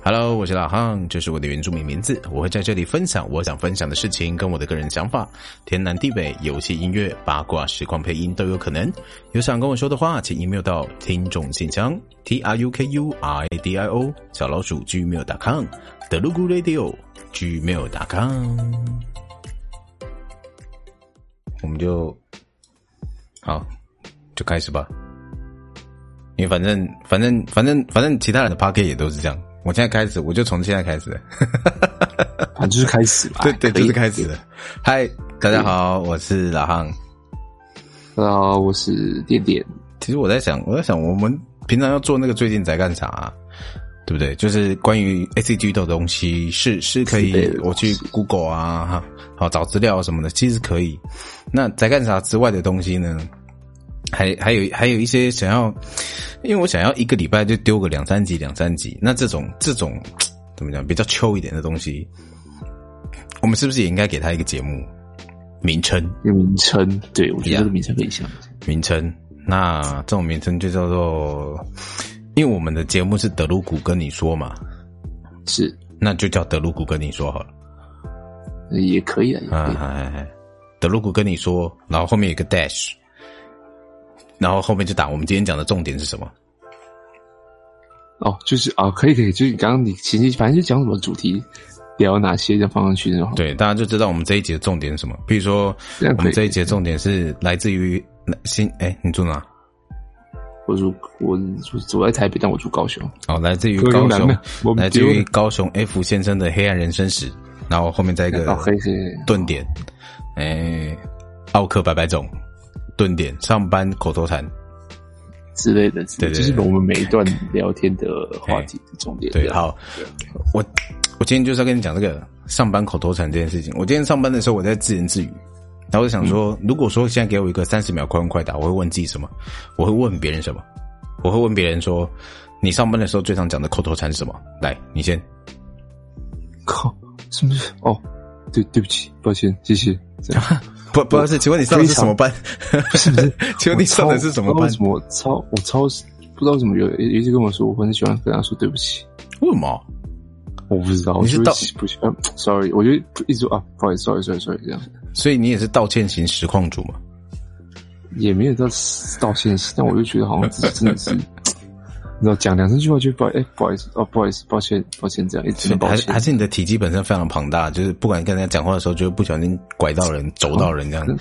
哈嘍，我是老漢，這是我的原住民名字。我會在這裡分享我想分享的事情，跟我的個人想法。天南地北，遊戲、音樂、八卦、實況配音都有可能。有想跟我說的話，請 email 到聽眾信箱 t r u k u i d i o 小老鼠 gmail.com 德魯固 radio gmail.com。我們就好，就開始吧。因為反正，反正，反正，反正，其他人的 park 也都是這樣。我現在開始，我就從現在開始了， 啊，就是開始， 對對，對，就是開始。嗨，大家好，我是老漢，啊，我是點點。其實我在想，我在想，我們平常要做那個最近在幹啥，啊，對不對？嗯、就是關於 ACG 的東西，是是可以我去 Google 啊，哈，好找資料什麼的，其實可以。那在幹啥之外的東西呢？還還有還有一些想要，因為我想要一個禮拜就丟個兩三集兩三集。那這種這種怎麼講比較秋一點的東西，我們是不是也應該給他一個節目名稱？名稱，對，我覺得這個名稱可以想。名稱，那這種名稱就叫做，因為我們的節目是德魯固跟你說嘛，是，那就叫德魯固跟你說好了，也可以啊，也、哎、德魯固跟你說，然後後面有個 dash。然後後面就打我們今天講的重點是什麼？哦，就是啊、哦，可以可以，就是你剛剛你前期，反正就講什麼主題，聊哪些就放上去就好。對，大家就知道我們這一集的重點是什麼。比如說，這，我們這一集的重點是來自於新，誒，你住哪？我住我住住在台北，但我住高雄。哦，來自於高雄，來自於高雄 F 先生的黑暗人生史。然後後面再一個頓點，哎、啊，奧克白白總。蹲點上班口頭禪之類的，對，對，對，就是我們每一段聊天的話題的重點對。對，好，我我今天就是要跟你講這個上班口頭禪這件事情。我今天上班的時候，我在自言自語，然後我想說、嗯，如果說現在給我一個三十秒快問快答，我會問自己什麼？我會問別人什麼？我會問別人說，你上班的時候最常講的口頭禪是什麼？來，你先。靠，是不是？哦，對，對不起，抱歉，謝謝。 不，不,上 不,是不是，請問你上的是什麼班？請問你上的是什麼班？為什麼我超我超不知道怎麼有一次跟我說我很喜歡跟他說對不起？為什麼？我不知道。你是道不喜歡。Sorry 我覺得一直, sorry, 一直說啊，不好意 sorry, 思，Sorry，Sorry，Sorry，sorry, 這樣。所以你也是道歉型實況主嗎？也沒有在道歉型但我又覺得好像自己真的是。 然後講兩三句話就不好、欸、不好意思，哦，不好意思，抱歉，抱歉，抱歉這樣一直很抱歉還是，還是你的體積本身非常龐大，就是不管跟人家講話的時候，就不小心拐到人、肘、嗯、到人這樣。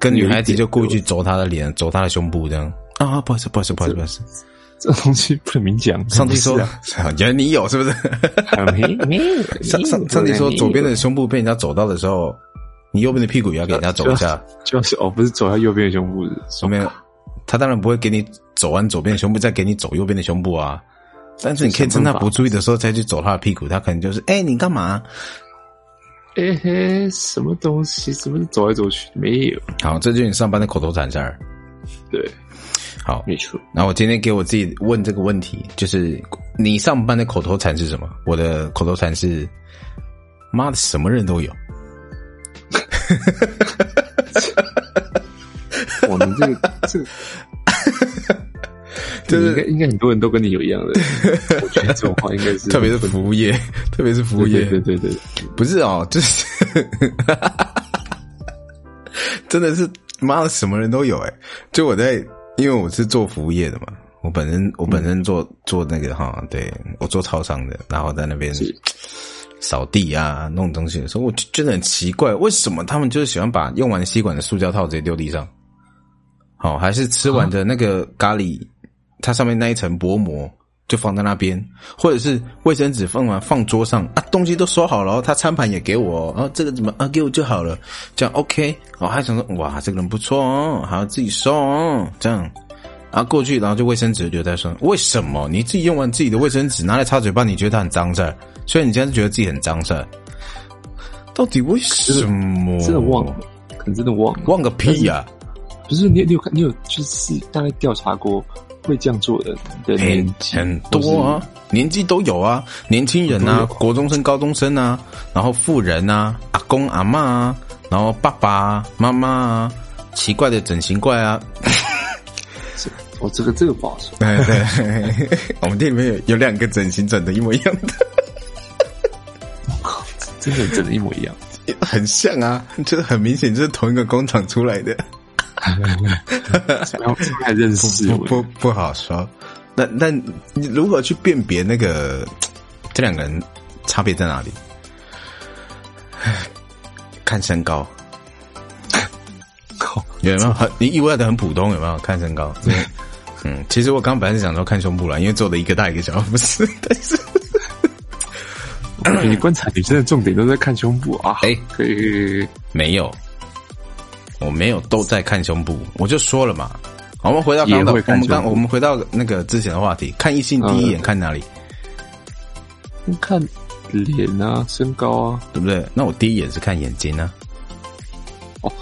跟女孩子就故意去肘她的臉、肘她的胸部這樣。啊，不好意思，不好意思，不好意思，不好意思，這東西不能明講。上次說，原 來你有是不是？ 上上上次說左邊的胸部被人家肘到的時候，你右邊的屁股也要給人家肘一下，就是哦，不是肘下右邊的胸部，沒有。他當然不會給你走完左邊的胸部，再給你走右邊的胸部啊！但是你可以趁他不注意的時候再去走他的屁股，他可能就是哎、欸，你幹嘛？哎、欸、嘿，什麼東西？怎麼走來走去？沒有。好，這就是你上班的口頭禪，這兒。對，好，沒錯。然後我今天給我自己問這個問題，就是你上班的口頭禪是什麼？我的口頭禪是，媽的，什麼人都有。 這這，哈，是 就是應該很多人都跟你有一樣的。 我覺得這種話應該是，特別是服務業，特別是服務業，對對對，對，不是哦，就是， 真的是媽的，什麼人都有哎。就我在，因為我是做服務業的嘛，我本身我本身做做那個哈，對，我做超商的，然後在那邊掃地啊，弄東西的時候，我就覺得很奇怪，為什麼他們就是喜歡把用完吸管的塑膠套直接丟地上？好、哦，還是吃完的那個咖喱，啊、咖喱它上面那一層薄膜就放在那邊，或者是衛生紙放完放桌上啊，東西都收好了，他餐盤也給我啊，這個怎麼啊給我就好了，這樣 OK，我、哦、還想說哇，這個人不錯、哦，還要自己送、哦，這樣啊過去，然後就衛生紙就在說，為什麼你自己用完自己的衛生紙拿來擦嘴巴，你覺得它很髒事，所以你現在就覺得自己很髒事，到底為什麼？真的忘了，你真的忘了忘個屁呀、啊。不是你，你有你有去試大概調查過，會這樣做的人很多啊，年紀都有啊，年輕人啊，啊，國中生、高中生啊，然後富人啊，嗯、阿公阿嬤啊，然後爸爸媽、啊、媽啊，奇怪的整形怪啊，我、 哦、這個這個不好說。對 對，對對 我們店裡面有有兩個整形整的一模一樣的， 真的整的一模一樣，很像啊，就是很明顯就是同一個工廠出來的。哈哈，哈，太認識不不，不好說，那那你如何去辨別那個這兩個人差別在哪裡？看身高，高有沒有很你意外的很普通有沒有？看身高，嗯，其實我剛本來是想說看胸部了，因為做的一個大一個小，不是？但是 okay,、嗯、你觀察女生的重點都在看胸部啊？哎、欸，可、okay, 以沒有。我沒有都在看胸部，我就說了嘛。我們回到剛剛，我們剛我們回到那個之前的話題，看異性第一眼看哪裡？看臉啊，身高啊，對不對？那我第一眼是看眼睛呢、啊。哦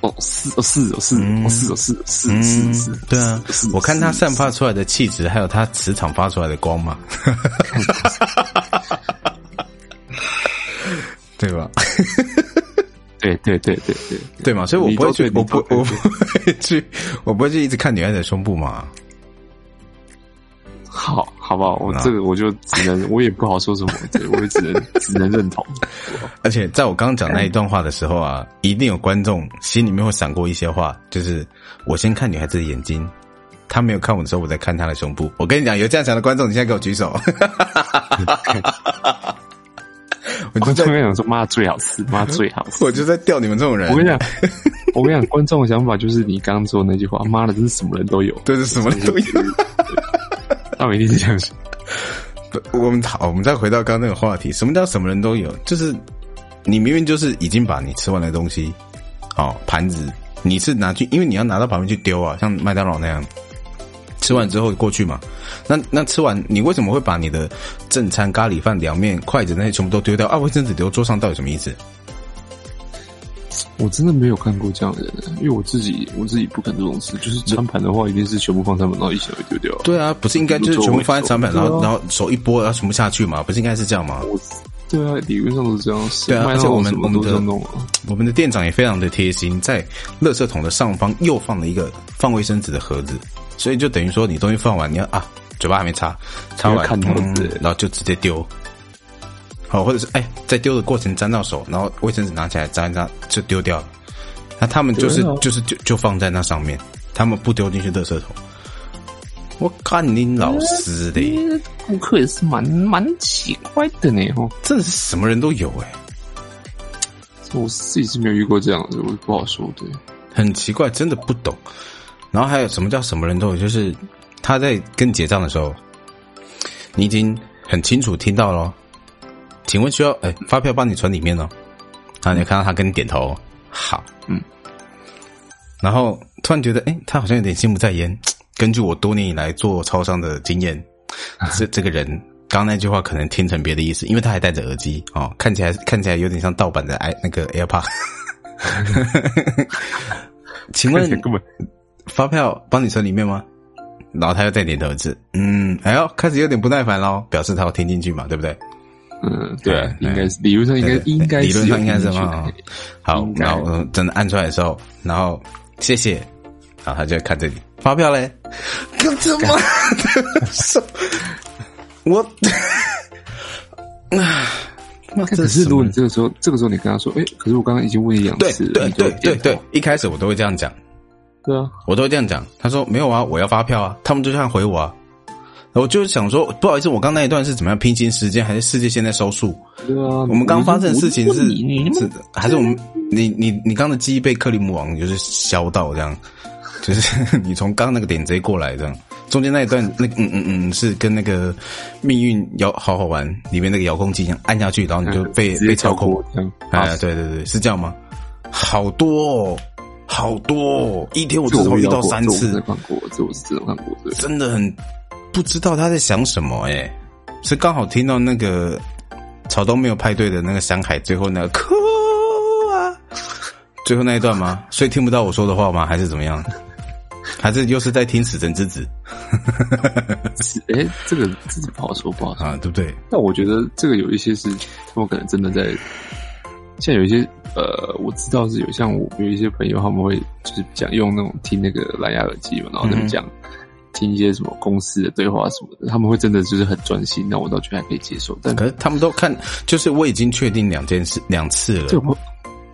哦，是哦是、嗯哦、是是是、嗯、是是，對啊是是，我看他散發出來的氣質，還有他磁場發出來的光嘛， 對吧？ 對，對對對對對對嘛，所以我不會去，我不，我不會去，我不會去一直看女孩子的胸部嘛。好，好不好？我這個我就只能， 我也不好說什麼，對，我也只能 只能認同。而且在我剛講那一段話的時候啊，一定有觀眾心裡面會想過一些話，就是我先看女孩子的眼睛，她沒有看我的時候，我再看她的胸部。我跟你講，有這樣想的觀眾，你現在給我舉手。 我就在旁邊想說，媽最好吃，媽最好吃。我就在吊你們這種人。我跟你講，我跟你講，觀眾的想法就是你剛剛說的那句話，媽的，真是什麼人都有，對、 就是什麼人都有。那我一定是這樣想。我們好，我們再回到剛剛那個話題，什麼叫什麼人都有？就是你明明就是已經把你吃完的東西，好、哦、盤子，你是拿去，因為你要拿到旁邊去丟啊，像麥當勞那樣。吃完之後過去嘛，那那吃完你為什麼會把你的正餐、咖喱飯、涼麵、筷子那些全部都丟掉啊？衛生紙丟桌，桌上到底什麼意思？我真的沒有看過這樣的人，因為我自己我自己不肯這種事，就是餐盤的話一定是全部放在他們那一起會丟掉。對啊，不是應該就是全部放在餐盤，然後然後手一撥然後全部下去嘛？不是應該是這樣嗎？我對啊，理論上是這樣。對啊，而且我們，我，啊，我們我們的店長也非常的貼心，在垃圾桶的上方又放了一個放衛生紙的盒子。所以就等於說，你東西放完，你要啊，嘴巴還沒擦，擦完，嗯、然後就直接丟，好，或者是哎、欸，在丟的過程沾到手，然後衛生紙拿起來沾一沾就丟掉了。那他們就是、哦、就是就就放在那上面，他們不丟進去垃圾桶。我看您老師、欸、的，顧客也是蠻蠻奇怪的呢哈、哦，真的是什麼人都有哎、欸，我自己是沒有遇過這樣的，我不好說對，很奇怪，真的不懂。然後還有什麼叫什麼人都有，就是他在跟你結賬的時候，你已經很清楚聽到囉、哦。請問需要哎發票幫你存裡面哦。然後你看到他跟你點頭、哦，好，嗯。然後突然覺得哎，他好像有點心不在焉。根據我多年以來做超商的經驗，這、啊、這個人剛剛那句話可能聽成別的意思，因為他還戴着耳機哦，看起來看起來有點像盜版的哎那個 AirPods、嗯。 請問。發票幫你存裡面嗎？然後他又再點頭一次。嗯，哎呦，開始有點不耐煩咯，表示他要聽進去嘛，對不對？嗯，對、啊對、啊對啊，應該是，理論上應該對對應該理論上應該是嘛。好，然後真的按出來的時候，然後謝謝，然後他就會看這裡發票嘞，幹幹幹這 我， 啊，那只是如果你這個時候， 這個時候你跟他說，哎、欸，可是我剛剛已經問兩次了，對對對對對、哦，一開始我都會這樣講。對啊，我都會這樣講。他說沒有啊，我要發票啊。他們就這樣回我啊，我就是想說，不好意思，我剛那一段是怎麼樣平行時間還是世界現在收束？對啊，我們剛發生的事情是是，是還是我們你你你剛的記憶被克里姆王就是削到這樣，就是 你從剛那個點直接過來這樣，中間那一段那嗯嗯嗯是跟那個命運搖好好玩裡面那個遙控器一樣按下去，然後你就被、啊、被操控。哎，對對對，是這樣嗎？好多哦。好多哦，一天我，我至少遇到、過到三次。真的，真的很不知道他在想什麼，欸。哎，是剛好聽到那個草東沒有派對的那個山海，最後那個哭啊，最後那一段嗎？所以聽不到我說的話嗎？還是怎麼樣？還是又是在聽死神之子？哎、欸，這個自己不好說，不好說，啊、對不對？那我覺得這個有一些是我可能真的在。像有一些呃，我知道是有像我有一些朋友，他們會就是講用那種聽那個藍牙耳機嘛，然後他們講聽一些什麼公司的對話什麼的，他們會真的就是很專心，那我倒覺得還可以接受。但可是他們都看，就是我已經確定兩件事兩次了。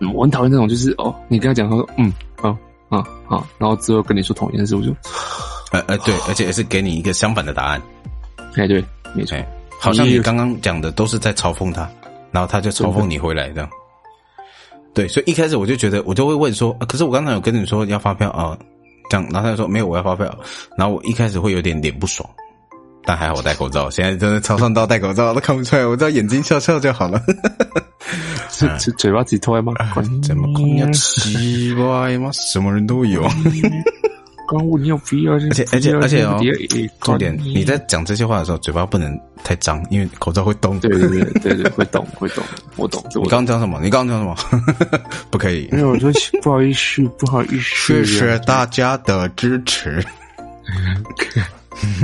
嗯，我很討厭那種就是哦，你跟他講，他說嗯好好好，然後之後跟你說同一件事，我就呃呃對，而且也是給你一個相反的答案。哎、呃、對，沒錯，好像你剛剛講的都是在嘲諷他，然後他就嘲諷你回來的。對，所以一開始我就覺得，我就會問說、啊，可是我剛才有跟你說要發票啊，這樣，然後他就說沒有，我要發票，然後我一開始會有點點不爽，但還好我戴口罩，現在真的超上到戴口罩都看不出來，我只要眼睛笑笑就好了。哈哈，是嘴巴擠脫嗎、？ 呃？怎麼？嘴巴嗎？什麼人都有。 剛問你有必要？而且，而且，而且，而且而且哦、重點，你在講這些話的時候，嘴巴不能太髒，因為口罩會動。對對對, 對對對，會動，會動，我懂。我剛剛講什麼？你剛剛講什麼？ 不可以。沒有，就是不好意思， 不好意思。謝謝大家的支持。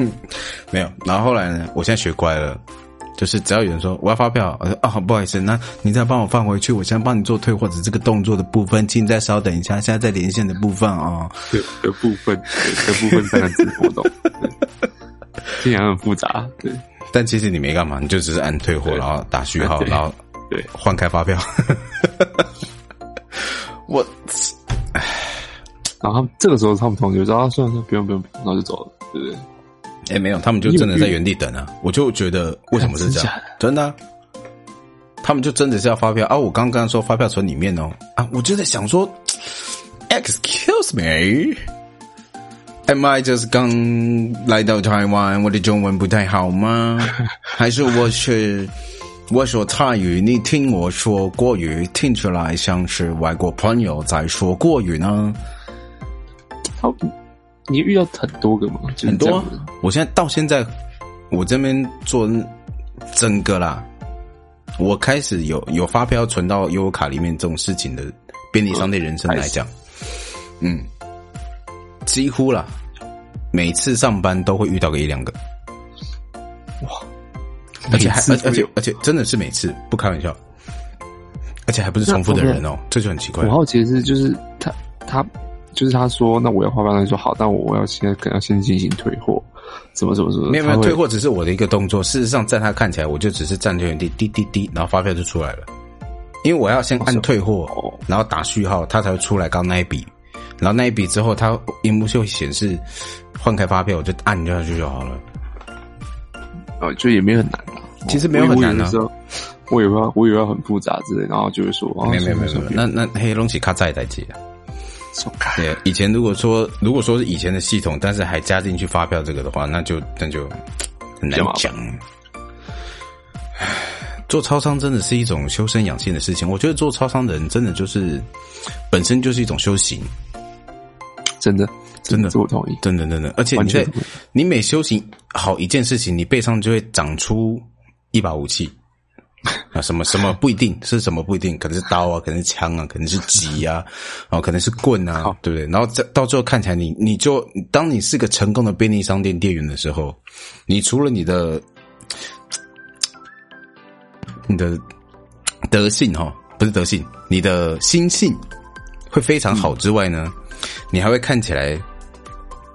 沒有。然後後來呢？我現在學乖了。就是只要有人說我要發票，我說啊、哦、不好意思，那你再幫我放回去，我先幫你做退貨的這個動作的部分，請你再稍等一下，現在在連線的部分啊、哦，對，的部分，對的部分這樣子互動，聽起來很複雜對，對。但其實你沒幹嘛，你就只是按退貨，然後打序號，然後對換開發票，我， 然後這個時候他們同學說啊算了算了，不用不用，然後就走了，對不對？哎，沒有，他們就真的在原地等啊！我就覺得為什麼是這樣、啊真？真的，他們就真的是要發票啊！我剛剛說發票存裡面哦啊！我就在想說 ，Excuse me，Am I just 剛來到台灣？我的中文不太好嗎？還是我是 我說泰語？你聽我說國語，聽出來像是外國朋友在說國語呢？好。你遇到很多個嗎？嗎很多、啊，我現在到現在，我這邊做真哥啦，我開始有有發票存到悠遊卡裡面這種事情的便利商店人生來講，嗯，幾乎啦，每次上班都會遇到個一兩個，哇，而且還而且而且真的是每次不開玩笑，而且還不是重複的人哦，這就很奇怪。我好奇的是就是他他。他就是他說，那我要發票，他說好，但我要先可能要先進行退貨，怎麼怎麼怎麼？嗯、沒有沒有，退貨只是我的一個動作。事實上，在他看起來，我就只是站在原地，滴滴滴，然後發票就出來了。因為我要先按退貨，啊哦，然後打序號，他才會出來剛那一筆。然後那一筆之後，他螢幕就會顯示換開發票，我就按下去就好了。哦，就也沒有很難，啊哦，其實沒有很難候、啊就是，我以為我以為很複雜之類，然後就會說，啊、沒有沒有沒有，那那黑隆起卡在在接。送對，以前如果說，如果說是以前的系統，但是還加進去發票這個的話，那就那就很難講。做超商真的是一種修身養性的事情，我覺得做超商的人真的就是本身就是一種修行，真的真的我同意，真的真的，而且你你每修行好一件事情，你背上就會長出一把武器。啊，什麼什麼不一定，是什麼不一定，可能是刀啊，可能是槍啊，可能是戟啊，然後可能是棍啊，對不對？然後再到最後看起來你，你你就當你是個成功的便利商店店員的時候，你除了你的你的德性哈，不是德性，你的心性會非常好之外呢、嗯，你還會看起來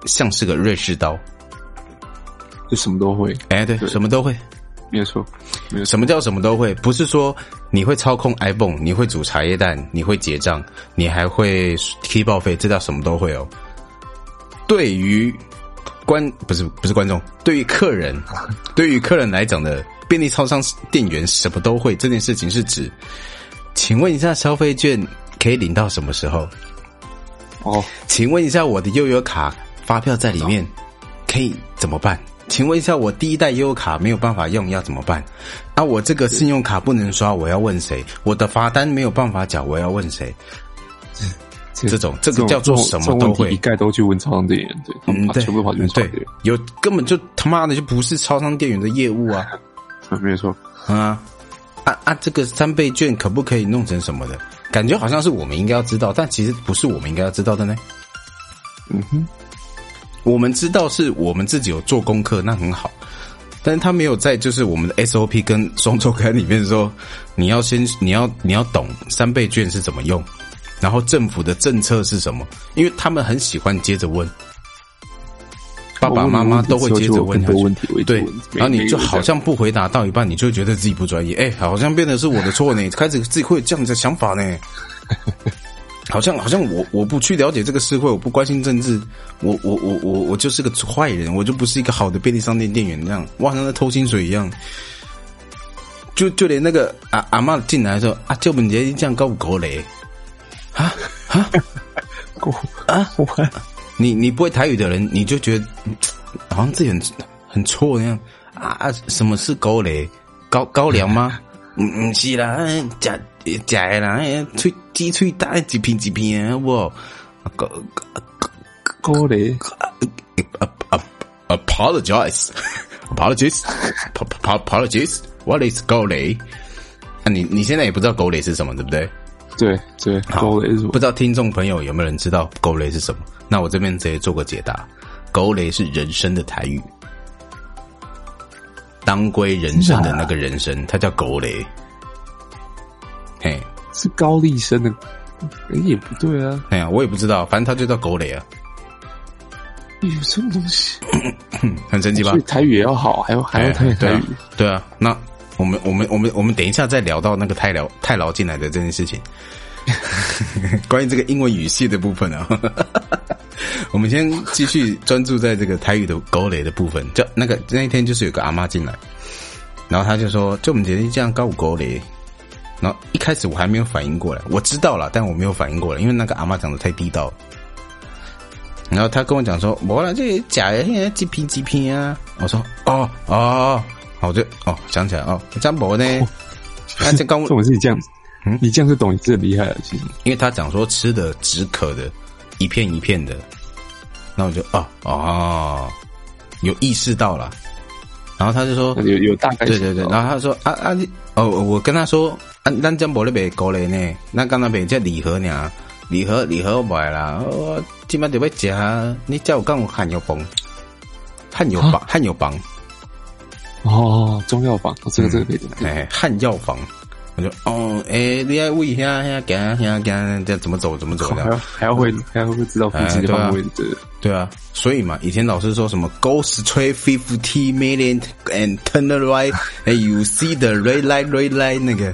像是個瑞士刀，就什麼都會，哎，對，什麼都會。沒錯，沒錯。什麼叫什麼都會？不是說你會操控 iPhone，你會煮茶葉蛋，你會結賬，你還會踢爆費，這叫什麼都會哦？對於觀不是不是觀眾，對於客人，對於客人來講的便利超商店員什麼都會這件事情是指？請問一下，消費券可以領到什麼時候？哦，請問一下，我的悠遊卡發票在裡面、嗯，可以怎麼辦？請問一下，我第一代優卡沒有辦法用，要怎麼辦？那、啊、我這個信用卡不能刷，我要問誰？我的罰單沒有辦法繳，我要問誰？這種這個叫做什麼都會題？一概都去問超商店員，對、嗯、對全部跑去有根本就他媽的就不是超商店員的業務啊！沒錯、嗯、啊啊啊！這個三倍券可不可以弄成什麼的？感覺好像是我們應該要知道，但其實不是我們應該要知道的呢。嗯哼。我們知道是我們自己有做功課，那很好，但是他沒有在就是我們的 SOP 跟雙周刊裡面說，你要先你要你要懂三倍券是怎麼用，然後政府的政策是什麼，因為他們很喜歡接着問，爸爸媽媽都會接着問很多問題，對，然後你就好像不回答到一半，你就會覺得自己不專業，哎，好像變得是我的錯呢，開始自己會有這樣子想法呢。好像好像我我不去了解這個社會，我不關心政治，我我我我我就是個壞人，我就不是一個好的便利商店店員，這樣，哇，像在偷薪水一樣，就就連那個阿、啊、阿嬤進來的時候啊就本杰這樣搞高雷，啊啊，狗啊，我，你你不會台語的人，你就覺得好像自己很很錯那樣啊，啊，什麼是高雷？高高粱嗎？嗯嗯，是啦，假的啦，吹雞吹大幾片幾片，好不？高高高麗，ap，ap，ap，apologize，apologize，ap，apologize，What is 高麗？那你你現在也不知道高麗是什麼，對不對？對對，高麗是什麼？不知道聽眾朋友有沒有人知道高麗是什麼？那我這邊直接做個解答，高麗是人參的台語，當歸人參的那個人參、那個，它叫高麗。欸、是高麗生的，哎、欸、也不對啊！哎、欸、呀，我也不知道，反正他就叫狗壘啊。有什麼東西 很神奇吧？台語也要好，還要、欸、還要台語，台語。對啊，對啊，那我們我們我們我們等一下再聊到那個泰勞泰勞進來的這件事情。 關於這個英文語系的部分啊， 我們先繼續專注在這個台語的狗壘的部分。就那個那一天就是有個阿媽進來，然後他就說：“就我們決定這樣搞狗壘。”然後一開始我還沒有反應過來，我知道了，但我沒有反應過來，因為那個阿嬤講得太地道。然後他跟我講說：“我這假現在 G P G P 啊。”我說：“哦哦，好，就哦想起來哦。」張博呢？他阿正剛，我自己這樣，嗯，你這樣是懂，是最厲害了，其實。因為他講說吃的止渴的，一片一片的，那我就哦哦，有意識到了。然後他就說有有大概，對對對。然後他就說啊啊，你哦，我跟他說。”啊、咱咱正無那邊過來呢，那剛那邊叫禮盒呢，禮盒禮盒、哦、你叫我漢藥房，漢藥房，漢藥房、啊、哦，中藥房、哦，這個對、這個這個嗯欸、漢藥房、嗯，我就哦、欸、你要下下怎麼走怎麼走的，還要還要會還要會知道附近的位置對啊，所以嘛，以前老師說什麼，Go straight fifty million and turn right, and you see the red light, red light 那個。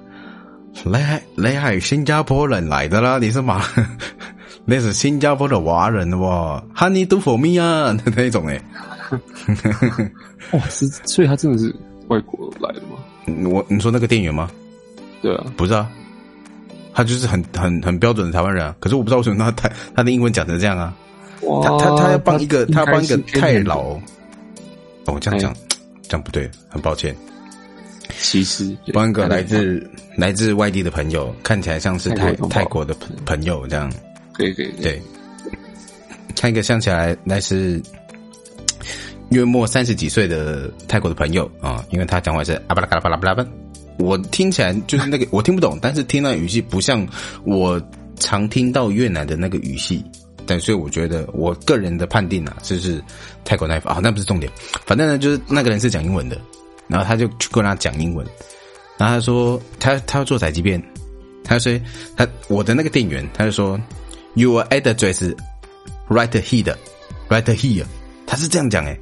厲害厲害，新加坡人來的啦，你是嗎？ 那是新加坡的華人的 Honey do for me 啊，那一種哎、欸！哇、 哦，所以他真的是外國來的嗎？你我你說那個店員嗎？對啊，不是啊，他就是很很很標準的台灣人啊。可是我不知道為什麼他他他的英文講成這樣啊。哇，他他他要幫一個他要幫一個泰老。我、欸哦、這樣講這，這樣不對，很抱歉。其實，看一個來自來自，來自外地的朋友，看起來像是泰泰國，泰國的朋友這樣，可以可以對，看一個像起來那是月末三十幾歲的泰國的朋友啊、哦，因為他講話是阿巴拉巴拉巴拉巴拉巴，我聽起來就是那個我聽不懂，但是聽那語氣不像我常聽到越南的那個語系，但所以我覺得我個人的判定啊，就是，是泰國那邊啊，那不是重點，反正呢就是那個人是講英文的。然後他就去跟他講英文，然後他說他他要做宅急便他說他我的那個店員，他就說，Your address right here, right here，他是這樣講哎、欸，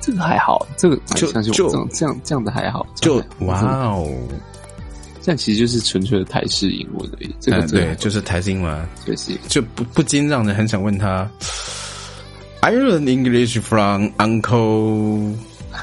這個還好，這個就、哎、就這樣這樣,這樣的還好，還好就好哇哦，這樣其實就是純粹的台式英文而已，嗯、這個啊、對，就是台式英文、啊，就是就不不禁讓人很想問他 ，I learned English from Uncle。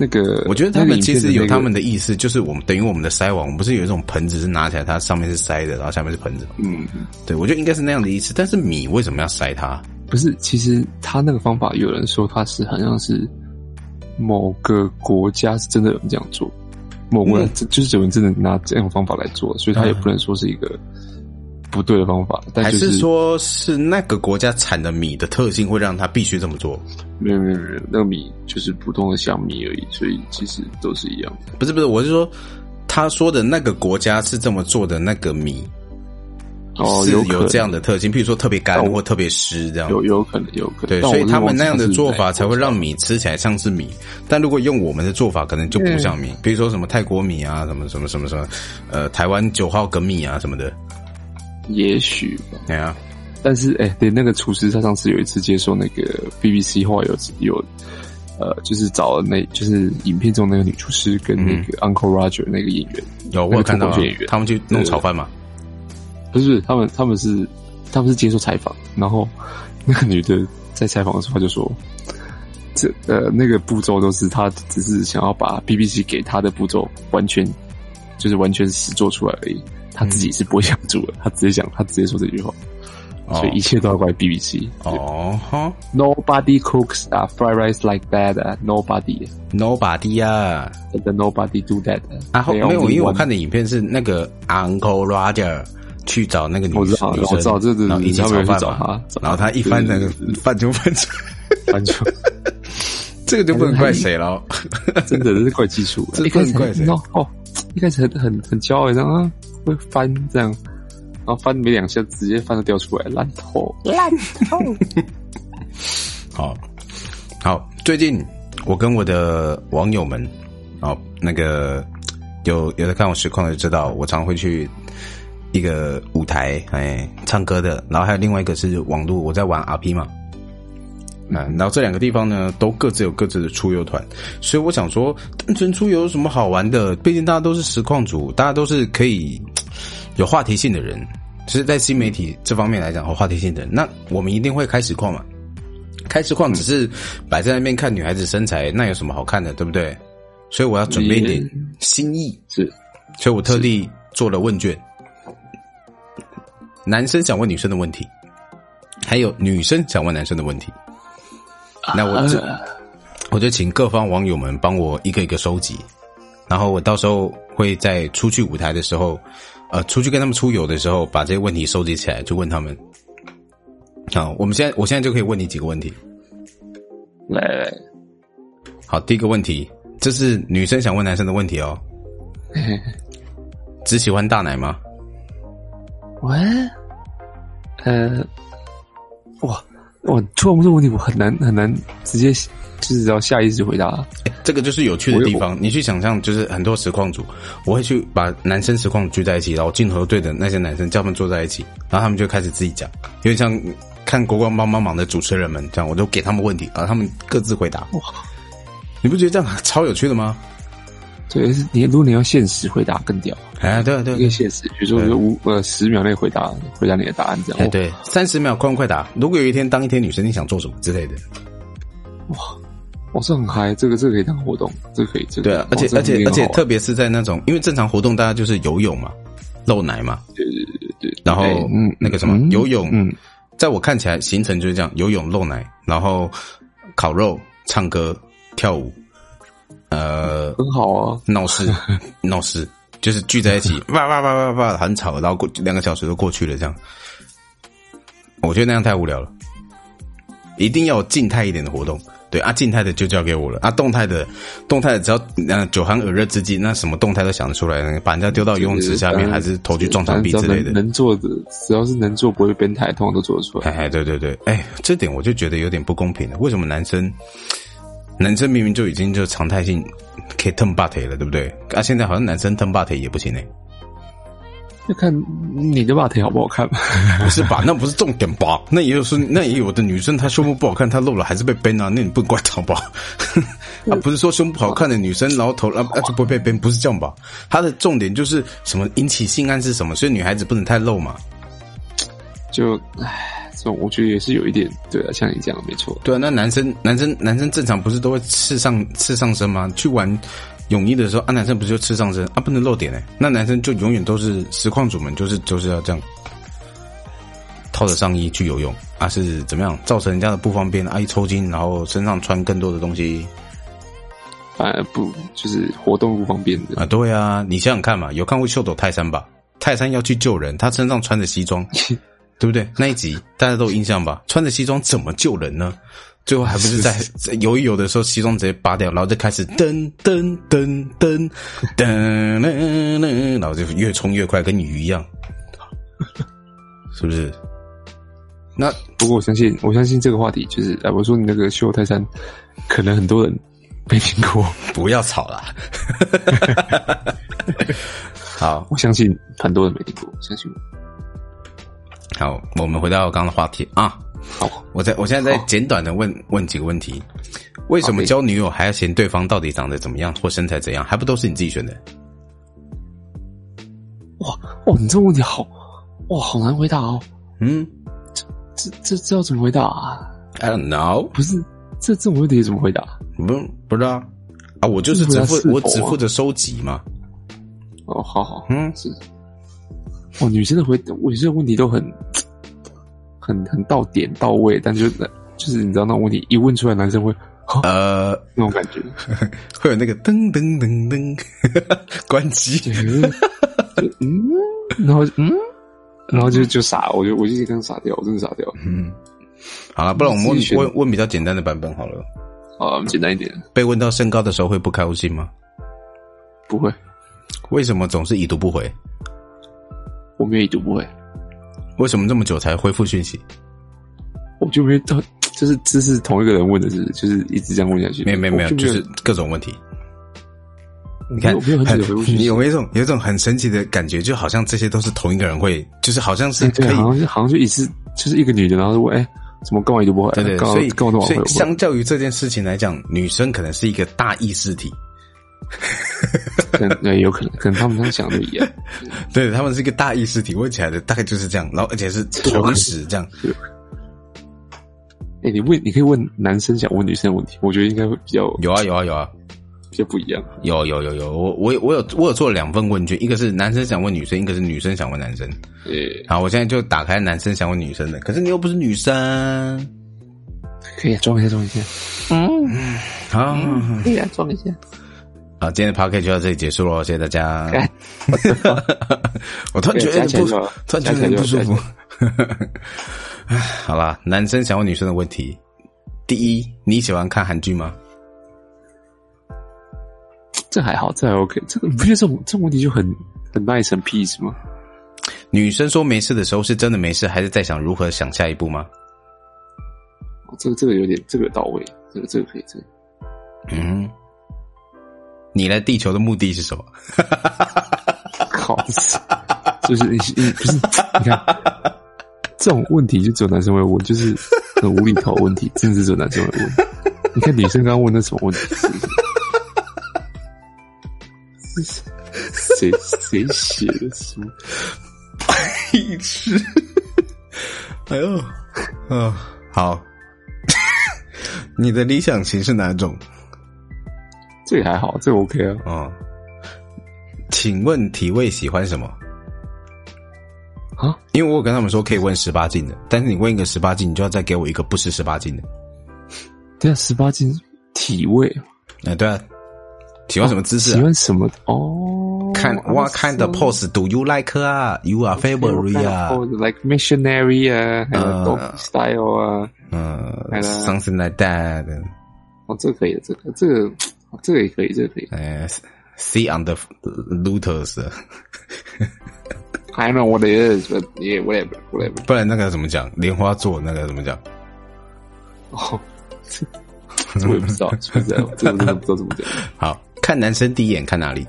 那個，我覺得他們其實有他們的意思，就是我們，、那個那個、我們等於我們的篩網，我們不是有一種盆子是拿起來，它上面是篩的，然後下面是盆子。嗯，對，我覺得應該是那樣的意思。但是米為什麼要篩它？不是，其實他那個方法，有人說他是好像是某個國家是真的這樣做，某個人、嗯、就是有人真的拿這種方法來做，所以他也不能說是一個、嗯。不對的方法，但就是，還是說，是那個國家產的米的特性會讓他必須這麼做？沒有沒有沒有，那個米就是普通的小米而已，所以其實都是一樣的。不是不是，我是說，他說的那個國家是這麼做的那個米，哦，有有這樣的特性，比如說特別乾或特別濕這樣，哦，有有可能有可能。對，所以他們那樣的做法才會讓米吃起來像是米，但如果用我們的做法，可能就不像米。比，嗯、如說什麼泰國米啊，什麼什麼什麼什麼，呃，台灣九號粳米啊什麼的。也許、yeah. 但是哎，對、欸、那個廚師，他上次有一次接受那個 BBC 後來有有，呃，就是找了，那，就是影片中那個女廚師跟那個 Uncle Roger 那個演員，嗯、有我有看到、那個、演員，他們去弄炒飯嘛，不是他們他們是他們是接受採訪，然後那個女的在採訪的時候他就說，這呃那個步驟都是他只是想要把 BBC 給他的步驟完全就是完全實做出來而已。他自己是不會想住的，他直接講，他直接說這句話，oh. 所以一切都要怪 BBC 哦。Nobody cooks a、uh, fried rice like that. Nobody, nobody 啊，真的 Nobody do that 啊。沒有，因為我看的影片是那個 Uncle Roger 去找那個女，女生，我找，然後一起炒飯。然後他一翻那個飯就翻出、就是， 翻出，這個就不能怪誰了，真的真是怪技術、啊。一開始怪誰？哦、no, oh,，一開始很很很驕傲，你知道嗎？會翻這樣，然後翻沒兩下，直接翻到掉出來爛頭爛頭。爛 好，好，最近我跟我的網友們，好、哦、那個有有在看我實況的就知道，我常會去一個舞台哎唱歌的，然後還有另外一個是網絡我在玩 RP 嘛。那然後這兩個地方呢，都各自有各自的出遊團，所以我想說，單純出遊有什麼好玩的？畢竟大家都是實況主，大家都是可以有話題性的人，其實，在新媒體這方面來講，有話題性的人，那我們一定會開實況嘛。開實況只是擺在那邊看女孩子身材，嗯、那有什麼好看的，對不對？所以我要準備一點新意，是，嗯，所以我特地做了問卷，男生想問女生的問題，還有女生想問男生的問題。那我就我就請各方網友們幫我一個一個收集，然後我到時候會在出去舞台的時候，呃，出去跟他們出遊的時候，把這些問題收集起來，就問他們。好，我們現在，我現在就可以問你幾個問題。來來來，好，第一個問題，這是女生想問男生的問題哦，只喜歡大奶嗎？喂，呃。我突然問這問題，我很難很難直接，就是要下意識回答，啊欸。這個就是有趣的地方，你去想象，就是很多實況主，我會去把男生實況主聚在一起，然後鏡頭對着那些男生，叫他們坐在一起，然後他們就開始自己講，因為像看《國光幫幫忙》的主持人們這樣，我都給他們問題，然後他們各自回答。哇，你不覺得這樣超有趣的嗎？對，你如果你要限時回答更屌，哎、啊，對、啊、對、啊，更限時。比如說五呃十秒內回答回答你的答案這樣。哎、啊啊啊啊，對，三十秒快問快答。如果有一天當一天女生，你想做什麼之類的？哇，我是很嗨，這個這個可以當活動，這個可以，這個、對啊。而且而且而且，而且特別是在那種、嗯、因為正常活動，大家就是游泳嘛，露奶嘛，對對對對。然後、欸、嗯，那個什麼游泳、嗯，在我看起來行程就是這樣：游泳、露奶，然後烤肉、唱歌、跳舞。呃，很好啊鬧！ 鬧事，鬧事，就是聚在一起，哇哇哇哇哇，很吵，然後過兩個小時都過去了，這樣。我覺得那樣太無聊了，一定要有靜態一點的活動。對啊，靜態的就交給我了啊，動態的，動態的只要那酒、呃、酣耳熱之際、呃，那什麼動態都想得出來，把人家丟到游泳池下面，還是頭去撞牆壁之類的，能做的只要是能做不會變態，通常都做得出來嘿嘿。對對對，哎，這點我就覺得有點不公平了，為什麼男生？男生明明就已經就常態性可以蹬霸腿了，對不對？啊，現在好像男生蹬霸腿也不行呢、欸。就看你的霸體好不好看吧 不是吧？那不是重點吧那也有、就、說、是，那也有的女生她胸部不好看，她露了還是被 ban 啊？那你不能怪她吧？ 啊，不是說胸部不好看的女生，然後頭啊就不不被 ban，不是這樣吧？她的重點就是什麼引起性暗示什麼？所以女孩子不能太露嘛，就唉。我覺得也是有一點對啊，像你講沒錯。對啊，那男生男生男生正常不是都會赤上赤上身嗎？去玩泳衣的時候，啊，男生不是就赤上身啊，不能露點呢。那男生就永遠都是實況主們，就是就是要這樣套着上衣去游泳啊，是怎麼樣？造成人家的不方便啊，一抽筋，然後身上穿更多的東西，啊，不就是活動不方便的啊？對啊，你想想看嘛，有看過秀斗泰山吧？泰山要去救人，他身上穿着西裝。 對不對？那一集大家都有印象吧？穿着西裝怎麼救人呢？最後還不是在游一游的時候西裝直接扒掉，然後就開始噔噔噔，噔噔噔噔噔噔噔，然後就越衝越快，跟魚一樣，是不是？那不過我相信，我相信這個話題就是、哎、我說你那個《秀泰山》，可能很多人沒聽過。不要吵啦。 好，我相信很多人沒聽過，相信我。好，我們回到剛剛的話題啊。好，我在我現在在簡短的問、哦、問，問幾個問題：為什麼交女友還要嫌對方到底長得怎麼樣或身材怎樣？還不都是你自己選的？哇哇，你這個問題好哇，好難回答哦。嗯，這這這要怎麼回答啊？I don't know。不是，這這種問題怎麼回答、啊？不不知道啊，啊，我就是只負、啊、我只負責收集嘛。哦，好好，嗯，是。哦，女生的回答，女生的問題都很。很很到點到位，但就就是你知道那種問題一問出來，男生會呃那種感覺， 會有那個噔噔噔噔 關機機笑，嗯，然後嗯，然後就就傻，我就我就剛傻掉，我真的傻掉。嗯，好了，不然我們問我問比較簡單的版本好了，啊、嗯，我們簡單一點。被問到身高的時候會不開心嗎？不會。為什麼總是已讀不回？我沒有已讀不回。為什麼這麼久才恢復訊息？我就沒到，就是這是同一個人問的是是，是就是一直這樣問下去。沒有沒有沒有、哦、沒有，就是各種問題。你看有有、嗯、有沒有一，有一種很神奇的感覺，就好像這些都是同一個人會，就是好像是可以，對對對，好像是好像就一直就是一個女的，然後問哎、欸，怎麼剛一就不回？對，對對，所以幹嘛幹嘛，會會所、以所以相較於這件事情來講，女生可能是一個大意識體。 呵 呵，那可有可能，跟他們這樣想的一樣。 對，他們是一個大意識體，問起來的，大概就是這樣，然後而且是同時這樣。哎、欸，你問，你可以問男生想問女生的問題，我覺得應該會比較有啊有啊有啊，就、啊啊、不一樣。有有有有，我我我有我有做了兩份問卷，一個是男生想問女生，一個是女生想問男生。對，好，我現在就打開男生想問女生的，可是你又不是女生，可以裝、啊、一下，裝一下嗯。嗯，好，可以啊，裝一下。好，今天的 podcast 就到這裡結束了，謝謝大家。 我突然覺得突然覺得不舒服。好了 好啦，男生想問女生的問題，第一，你喜歡看韓劇嗎？這還好，這還 OK，這個不就這種這種問題就很很 nice, 很 peace 嗎？女生說沒事的時候，是真的沒事，還是在想如何想下一步嗎？這個這個有點，這個到位，這個這個可以，這個、嗯。你來地球的目的是什麼？ 好，就是你你不是你看，這種問題就只有男生會問，就是很無厘頭的問題，真的 是只有男生會問。你看女生剛剛問那什麼問題？誰誰寫的書？白痴！哎呦啊、哦，好， 你的理想型是哪種？這還好，這 OK 啊。嗯，請問體位喜歡什麼？啊，因為我有跟他們說可以問十八禁的，但是你問一個十八禁，你就要再給我一個不是十八禁的。對啊，十八禁體位。啊、欸，對啊，喜歡什麼姿勢、啊哦？喜歡什麼？哦，看哦 what, kind of、like 啊 okay, 啊、what kind of pose do you like 啊？You are favorite 啊？Like missionary 啊？呃、還有 dog style 啊？嗯、呃啊、，something like that。哦，這個、可以，這個，這個。哦、這個也可以，這個可以。嗯、uh,，see on the, the, the looters. I don't know what it is, but yeah, whatever, whatever. 不然那個要怎麼講？蓮花座那個要怎麼講？哦、oh, 我也不知道，真的，我真的不知道怎麼講。 好，看男生第一眼看哪裡？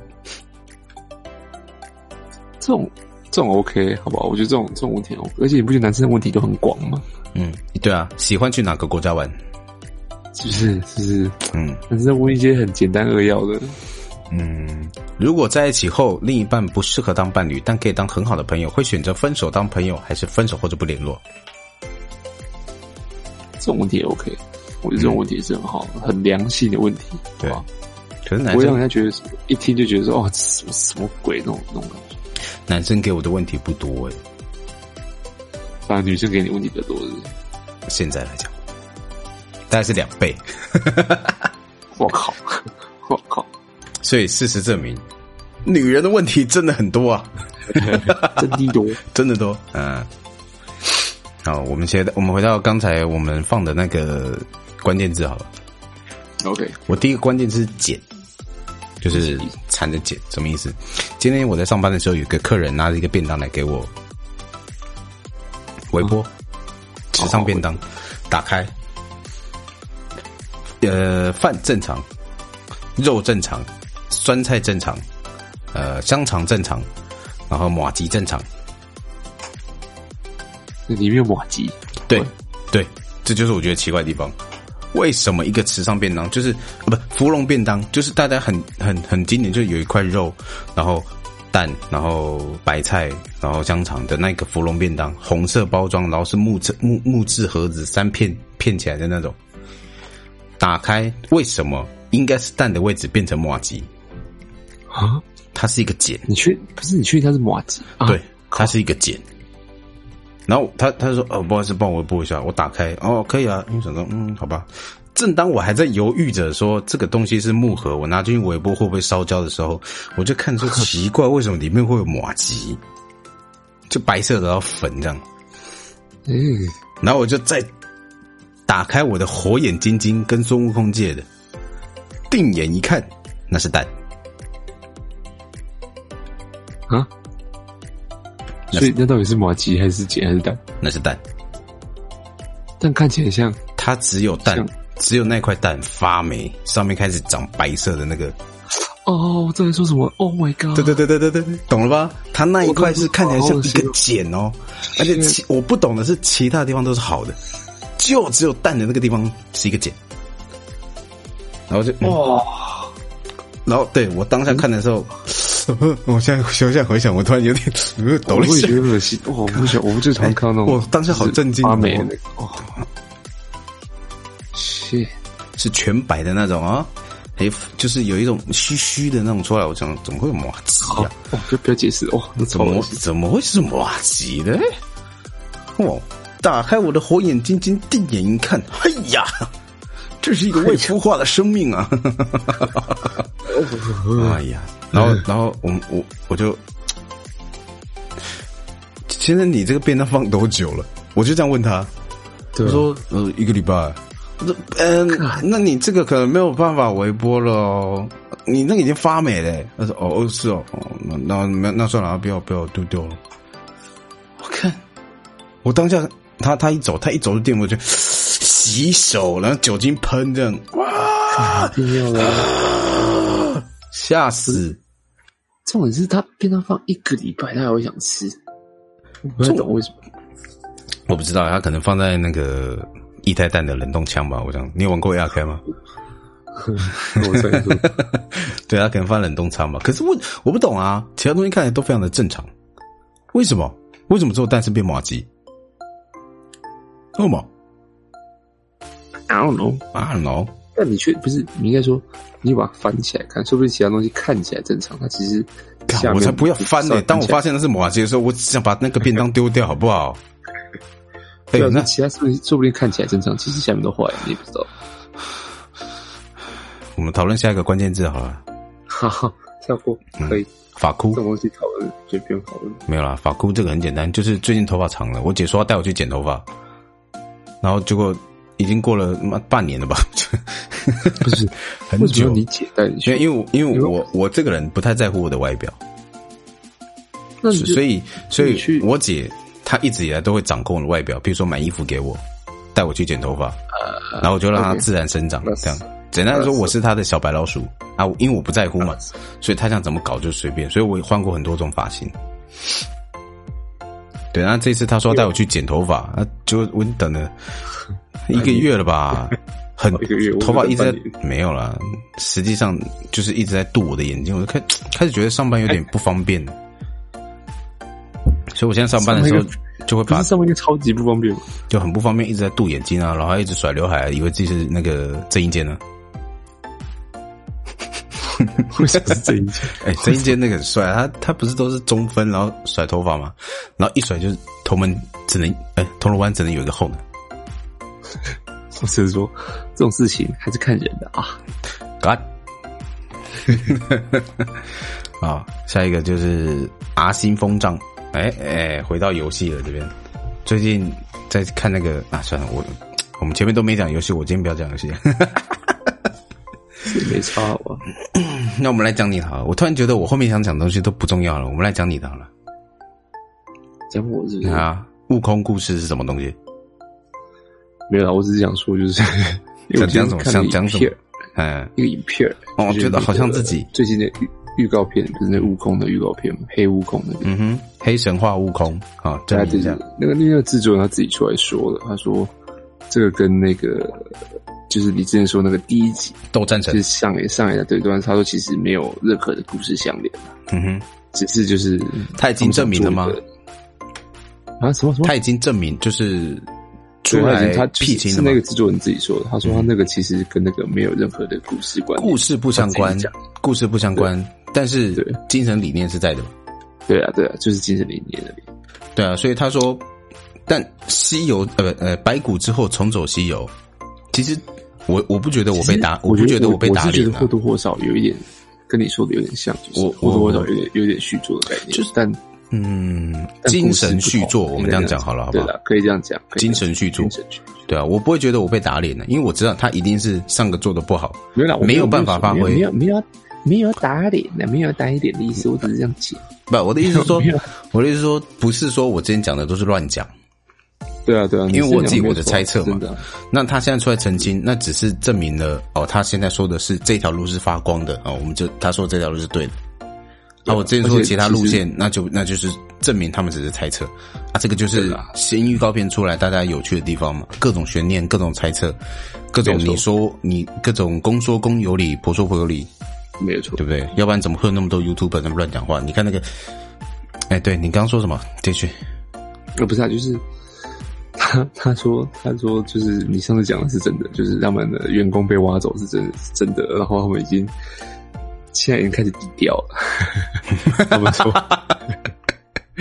這種這種 OK，好不好？我覺得這種這種問題，而且你不覺得男生的問題都很廣嗎？嗯，對啊，喜歡去哪個國家玩？就是就是，嗯、就是，反正問一些很簡單扼要的嗯。嗯，如果在一起後，另一半不適合當伴侶，但可以當很好的朋友，會選擇分手當朋友，還是分手或者不聯絡？這種問題也 OK，我覺得這種問題是很好、嗯、很良心的問題，對,對吧？可能男生好像覺得一聽就覺得說，哦，什麼什麼鬼那種那種感覺。男生給我的問題不多誒、欸。當、啊、然女生給你問題比較多。是不是現在來講。大概是兩倍，我 靠，我靠！所以事實證明，女人的問題真的很多啊， 真的多，真的多。嗯，好，我們現在我們回到剛才我們放的那個關鍵字好了。OK，我第一個關鍵字是“撿”，就是“纏着撿”，什麼意思？今天我在上班的時候，有個客人拿着一個便當來給我，微波，時、嗯、尚便當好好，打開。呃，飯正常，肉正常，酸菜正常，呃，香腸正常，然後麻糬正常，裡面有麻糬，對對，這就是我覺得奇怪的地方。為什麼一個池上便當就是不芙蓉便當？就是大家很很很經典，就是有一塊肉，然後蛋，然後白菜，然後香腸的那個芙蓉便當，紅色包裝，然後是木質木木質盒子三片片起來的那種。打開？為什麼應該是蛋的位置變成麻糬啊？它是一個繭，你確，可是你確定它是麻糬對，它是一個繭。然後他他說：“哦，不好意思，幫我微波一下。”我打開哦，可以啊。因為想說嗯，好吧。正當我還在猶豫着說這個東西是木盒，我拿進去微波會不會燒焦的時候，我就看出奇怪，為什麼裡面會有麻糬就白色的，然後粉這樣。嗯。然後我就再。打開我的火眼金睛，跟孫悟空借的，定眼一看，那是蛋。啊？所以那到底是馬雞還是繭還是蛋？那是蛋，但看起來像。它只有蛋，只有那塊蛋發霉，上面開始長白色的那個。哦，我正在說什麼？Oh my god！對對對對對對，懂了吧？它那一塊是看起來像一個繭哦、喔，而且我不懂的是，其他地方都是好的。就只有蛋的那個地方是一個鹼，然後就、嗯、哇，然後對我當下看的時候，嗯、我現在想想回想，我突然有點抖了一下，我不喜我不就常看那、欸、我當時好震驚，發霉那、哦、是是全白的那種啊，哎、哦，就是有一種虛虛的那種出來，我怎麼會有會麻糬不要解釋哦，怎麼怎麼會是麻糬的、欸？哦。打開我的火眼金睛，睛，定眼一看，嘿呀，這是一個未孵化的生命啊！哈哈哈。哎呀，然後，然後我，我我我就，先生，你這個便當放多久了？我就這樣問他，我說，我說呃，一個禮拜。那，嗯、呃，那你這個可能沒有辦法微波了哦。你那個已經發霉了。他說哦，哦，是哦，哦，那那那算了，不要不要丟掉了。我看，我當下。他他一走，他一走就店我就洗手，然後酒精噴這樣，哇，嚇、啊啊、死！重點是他平常放一個禮拜，他還會想吃，我不懂為什麼，我不知道他可能放在那個液態蛋的冷凍倉吧。我想你有玩過亞克嗎？ 說一說 對啊，他可能放冷凍倉吧。可是我我不懂啊，其他東西看起來都非常的正常，為什麼為什麼只有蛋是變麻糬？那麼 I don't know, I don't know。那你卻不是，你應該說，你把它翻起來看，說不定其他東西看起來正常，它其實……我才不要翻呢、欸！當我發現它是魔法機的時候，我只想把那個便當丟掉，好不好？ 欸、對、啊，那其他是不是說不定看起來正常，其實下面都壞了，你不知道。我們討論下一個關鍵字好了。好，跳過可以。發、嗯、哭這東西討論沒有啦，發哭這個很簡單，就是最近頭髮長了，我姐說要帶我去剪頭髮。然後結果已經過了半年了吧？不是 很久因為。因為我因為我我這個人不太在乎我的外表，所以所以,所以我姐她一直以來都會掌控我的外表，比如說買衣服給我，帶我去剪頭髮，啊、然後我就讓她自然生長。Okay, 這樣簡單來說，我是她的小白老鼠啊，因為我不在乎嘛，啊、所以她想怎麼搞就隨便。所以我也換過很多種髮型。對，然後這次他說帶我去剪頭髮，啊、就我等了一個月了吧，很頭髮一直在，在沒有啦，實際上就是一直在鍍我的眼睛，我就開開始覺得上班有點不方便，哎，所以我現在上班的時候就會把上、那個、不上班就超級不方便，就很不方便，一直在鍍眼睛啊，然後還一直甩劉海，以為自己是那個鄭伊健呢。會是鄭伊健？哎、 欸，鄭伊健那個很帥，他他不是都是中分，然後甩頭髮嘛，然後一甩就是頭門只能哎，銅鑼灣只能有一個後門。我只是說這種事情還是看人的啊。God！啊，下一個就是阿星瘋漲。哎、欸、哎、欸，回到遊戲了這邊，最近在看那個啊，算了，我我們前面都沒講遊戲，我今天不要講遊戲。哈哈哈。沒差吧？ 那我們來講你的好了。我突然覺得我後面想講的東西都不重要了。我們來講你的好了。講我自己啊？悟空故事是什麼東西？沒有啊，我只是想說，就是講講講講什麼？哎，一個影片。哦我，我覺得好像自己最近的預，預告片，就是那悟空的預告片黑悟空、那、的、個。嗯哼，黑神話悟空啊。大家記得那個那個製作人他自己出來說了，他說這個跟那個。就是你之前說那個第一集《鬥戰神》就是上一上一下，對，但是他說其實沒有任何的故事相連。嗯哼，只是就是他已經證明了嗎？啊，什麼什麼？他已經證明就是出來了，他撇清，就是，那個制作人自己說的，嗯，他說他那個其實跟那個沒有任何的故事關，故事不相關，故事不相關，但是精神理念是在的，對啊，對啊，就是精神理念的，對啊，所以他說，但西遊呃呃白骨之後重走西遊，其實。我我不覺得我被打，我，我，我不覺得我被打臉。或多或少有一點跟你說的有點像，就是、我或多或少有點有點續作的概念。就但但不是但嗯，精神續作，我們這樣講好了，好不好？可以這樣講，精神續作神續續。對啊，我不會覺得我被打臉的、啊，因為我知道他一定是上個做的不好沒沒，沒有辦法發揮，沒有沒有沒有打臉，的，沒有打一點、啊、的意思、嗯。我只是這樣講，不，我的意思是說，我的意思是說，我的意思是說，不是說我之前講的都是亂講。對啊對啊，因為我自己我的猜測嘛、啊。那他現在出來澄清，那只是證明了哦，他現在說的是這條路是發光的啊、哦，我們就他說這條路是對的對啊。啊，我之前說其他路線，那就那就是證明他們只是猜測。啊，這個就是新預告片出來，大家有趣的地方嘛，啊、各種懸念，各種猜測，各種你說你各種公說公有理，婆說婆有理，沒有錯，對不對？要不然怎麼會有那麼多 YouTuber 那麼亂講話？你看那個，哎、欸，對，你剛剛說什麼？繼續。呃，不是啊，就是。他他說他說就是你上次講的是真的，就是他們的員工被挖走是真的是真的，然後他們已經現在已經開始低調了。 他們說，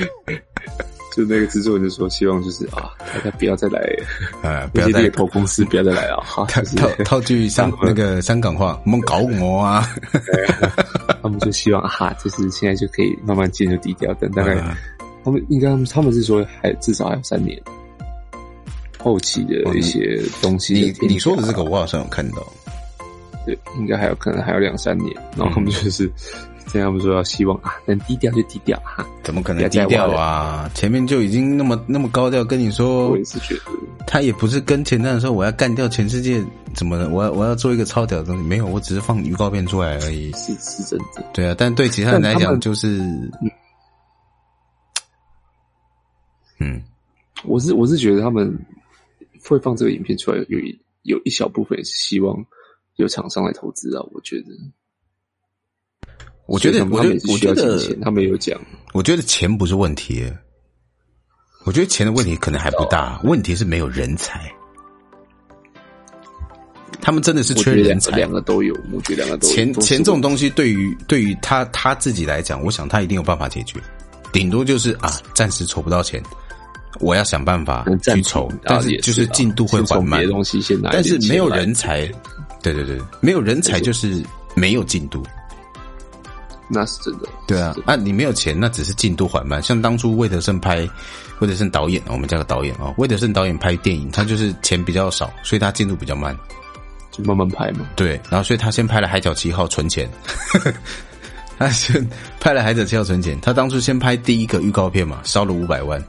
就那個製作人就說希望就是啊，大家不要再來啊，不要來獵頭公司，不要再，不要再來了、呃、啊。就是、套套套句香 那，那個香港話，我們搞我們啊。 他們就希望哈、啊，就是現在就可以慢慢進入低調，等大概、呃、他們應該他們是說還至少還有三年。後期的一些東西，哦，你你，你說的這個我好像有看到，對，應該還有，可能還有兩三年，嗯、然後、就是、他們就是這樣，不說要希望啊，能低調就低調哈、啊，怎麼可能低調啊？前面就已經那麼那麼高調跟你說，我也是覺得、他也不是跟前段的時候我要幹掉全世界怎麼了，我要我要做一個超屌的東西，沒有，我只是放預告片出來而已，是是，是真的。對啊，但對其他人來講就是嗯，嗯，我是我是覺得他們。嗯會放這個影片出來，有一有一小部分是希望有廠商來投資啊。我覺得，我覺得我覺得他們錢錢有講，我覺得錢不是問題，我覺得錢的問題可能還不大，啊，問題是沒有人才，他們真的是缺人才。兩個，兩個都有，我覺得兩個都有。錢錢這種東西對於，對於對於他他自己來講，我想他一定有辦法解決，頂多就是啊，暫時籌不到錢。我要想辦法去籌、啊，但是就是進度會緩慢。但是沒有人才，對對對，沒有人才就是沒有進度。那是真的。對啊，啊，你沒有錢，那只是進度緩慢。像當初魏德聖拍魏德聖導演，我們叫個導演哦，魏德聖導演拍電影，他就是錢比較少，所以他進度比較慢，就慢慢拍嘛。對，然後所以他先拍了《海角七號》存錢， 他先拍了《海角七號》存錢。他當初先拍第一個預告片嘛，燒了五百萬。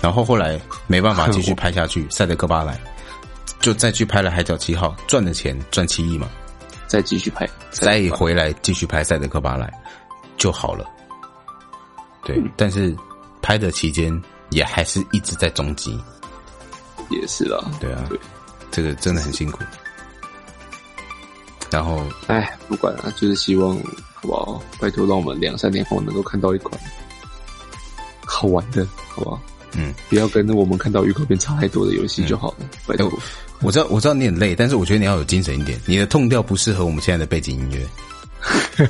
然後後來沒辦法繼續拍下去，呵呵《塞德克巴萊》就再去拍了《海角七號》，賺了錢，賺的錢賺七億嘛，再繼續拍，再回來繼續拍《塞德克巴萊》就好了。對、嗯，但是拍的期間也還是一直在中吉，也是啦。對啊，對，這個真的很辛苦。然後，哎，不管了，就是希望，好不好？拜託，讓我們兩三年後能夠看到一款好玩的，好不好？嗯，不要跟我們看到魚口變差太多的遊戲就好了、嗯。我知道，我知道你很累，但是我覺得你要有精神一點。你的 tone 調不適合我們現在的背景音樂。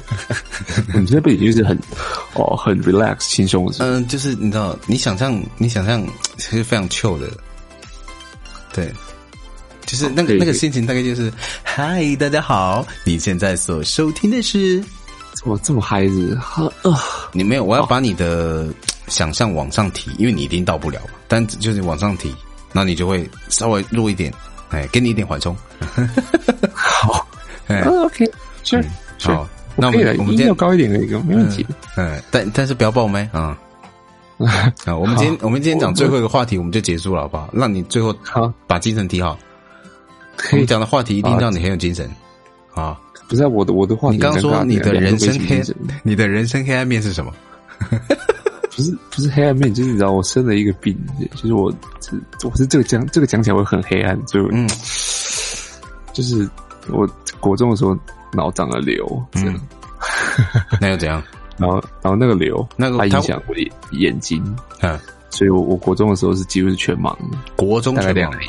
你這背景音樂很哦，很 relax 輕鬆。嗯，就是你知道，你想象你想象是非常 chill 的。對，就是那個、啊、okay, okay. 那個心情，大概就是嗨，Hi, 大家好，你現在所收聽的是，怎麼這麼孩子？啊、呃，你沒有，我要把你的。啊想象往上提，因為你一定到不了嘛。但就是往上提，那你就會稍微弱一點，哎，給你一點緩衝。好，嗯，OK，是、嗯嗯嗯，好，那我們我們今天。要高一點的，一個、嗯、沒問題。哎、嗯，但但是不要爆麥啊。啊、嗯 嗯，我們今天我們今天講最後一個話題，我們就結束了，好不好？讓你最後好，把精神提好。啊、我們講的話題一定讓你很有精神啊！不是我的我的話題。你剛說你的人生黑，你的人生黑暗面是什麼？ 不是不是黑暗面，就是你知道我生了一個病，就是我我是這個講這個講起來會很黑暗，就嗯，就是我國中的時候腦長了瘤。嗯，那又怎樣？然後然後那個瘤那個還影響我的眼睛，嗯、啊，所以我我國中的時候是幾乎是全盲，國中大概兩年，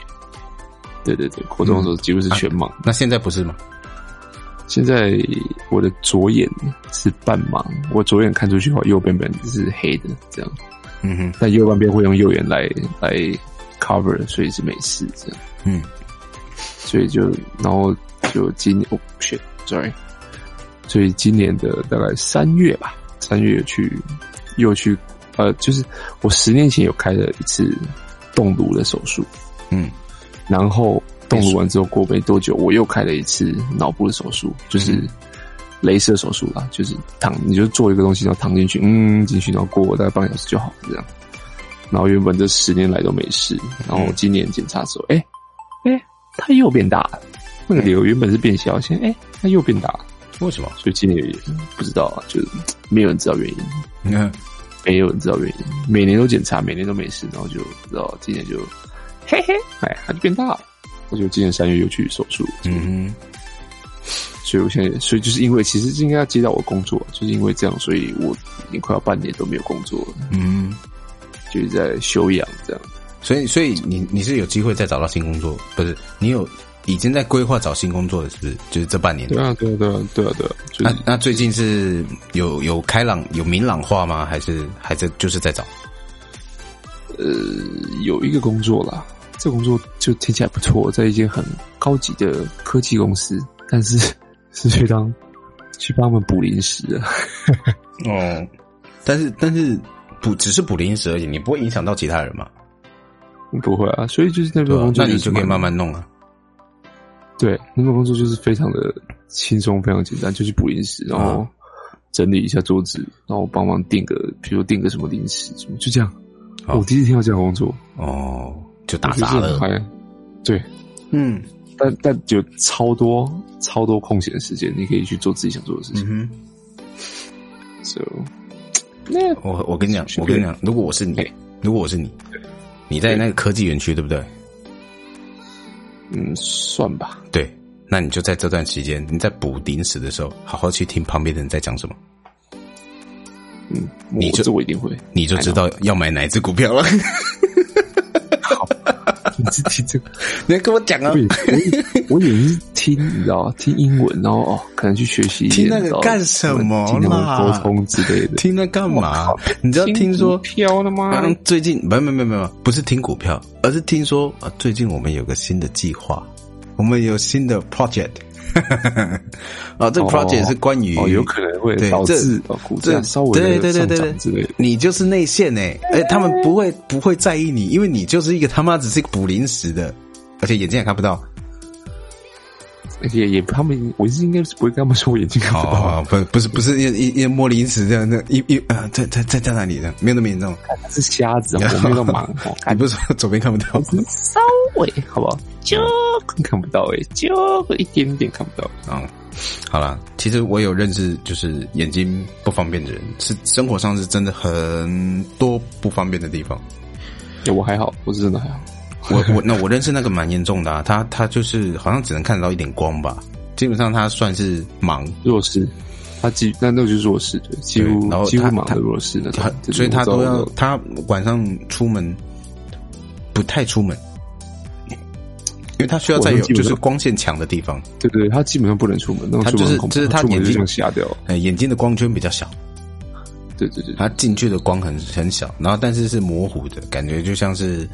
對對對，國中的時候幾乎是全盲，嗯啊、那現在不是嗎？現在我的左眼是半盲，我左眼看出去的話，右邊本是黑的，這樣。嗯哼，但右半邊會用右眼來來 cover，所以是沒事這樣。嗯，所以就，然後就今年，oh shit，sorry，所以今年的大概三月吧，三月去又去，呃，就是我十年前有開了一次動顱的手術，嗯，然後。動作完之後過沒多久，我又開了一次腦部的手術，就是雷射手術啦，就是躺，你就做一個東西，然後躺進去，嗯，進去，然後過大概半小時就好了。這樣，然後原本這十年來都沒事，然後今年檢查的時候，哎、欸、哎，它、欸、又變大了。那個瘤原本是變小，現在哎，它、欸、又變大了，為什麼？所以今年也不知道啊，就沒有人知道原因，你、嗯、看，沒有人知道原因，每年都檢查，每年都沒事，然後就知道今年就嘿嘿，哎，它就變大了。我就今年三月又去手術，嗯哼，所以我現在，所以就是因為其實應該要接到我工作，就是因為這樣，所以我已經快要半年都沒有工作了。嗯，就是在休養這樣，所以，所以你你是有機會再找到新工作，不是？你有已經在規劃找新工作了是不是？就是這半年？對啊，對啊，對啊，對啊，對啊，對啊。那那最近是有有開朗有明朗化嗎？還是還在就是在找？呃，有一個工作了。這工作就聽起來不錯，在一間很高級的科技公司，但是是去當去幫他們補零食的。 哦，但是但是補只是補零食而已，你不會影響到其他人嘛？不會啊，所以就是那份工作、啊，那你就可以慢慢弄了、啊。對，那份工作就是非常的輕鬆，非常簡單，就是補零食，然後整理一下桌子，然後幫忙訂個，比如訂個什麼零食什麼，就這樣。我、哦、第一次聽到這樣的工作哦。就打雜了，啊、對，嗯，但，但但就超多超多空閒時間，你可以去做自己想做的事情。嗯、so 那我我跟你講，我跟你講，如果我是你，如果我是你，你在那個科技園區，對不對？嗯，算吧。對，那你就在這段時間，你在補零食的時候，好好去聽旁邊的人在講什麼。嗯，你就我一定會，你就知道要買哪隻股票了。 這個，你要跟我講啊？我也我也是聽，你知道，聽英文，然後哦，可能去學習，聽那個幹什麼啦？溝通之類的，聽那幹嘛？你知道，聽說飄了嗎？最近，沒有，沒有，沒有，不是聽股票，而是聽說啊，最近我們有個新的計劃，我們有新的 project。哈哈哈哈啊，這個 project 是關於、哦，有可能會導致對這、哦、稍微對對對對對，你就是內線哎哎，他們不會 不會在意你，因為你就是一個他媽只是一個補臨時的，而且眼睛也看不到。也也，他們，我是應該是不會跟他們說我眼睛看不到好，好，好，不不是不是，也也摸鼻子這樣，那一一啊，在在在在那裡的，沒有那麼嚴重，他是瞎子，我沒有那麼盲 我看。你不是說左邊看不到嗎，稍微，好不好？就看不到哎、欸，就一點點看不到。啊、嗯，好了，其實我有認識，就是眼睛不方便的人，是生活上是真的很多不方便的地方。欸、我還好，我是真的還好。 我我那我認識那個蠻嚴重的、啊，他他就是好像只能看到一點光吧，基本上他算是盲，弱視。他基那那就是弱視，幾乎對然後他幾乎盲的弱視的他，所以他都要他晚上出門不太出門，因為他需要在有就是光線強的地方。對,對對，他基本上不能出門，出門他就是就是他眼睛瞎掉了、欸，眼睛的光圈比較小，對對對,對,對，他進去的光很很小，然後但是是模糊的感覺，就像是。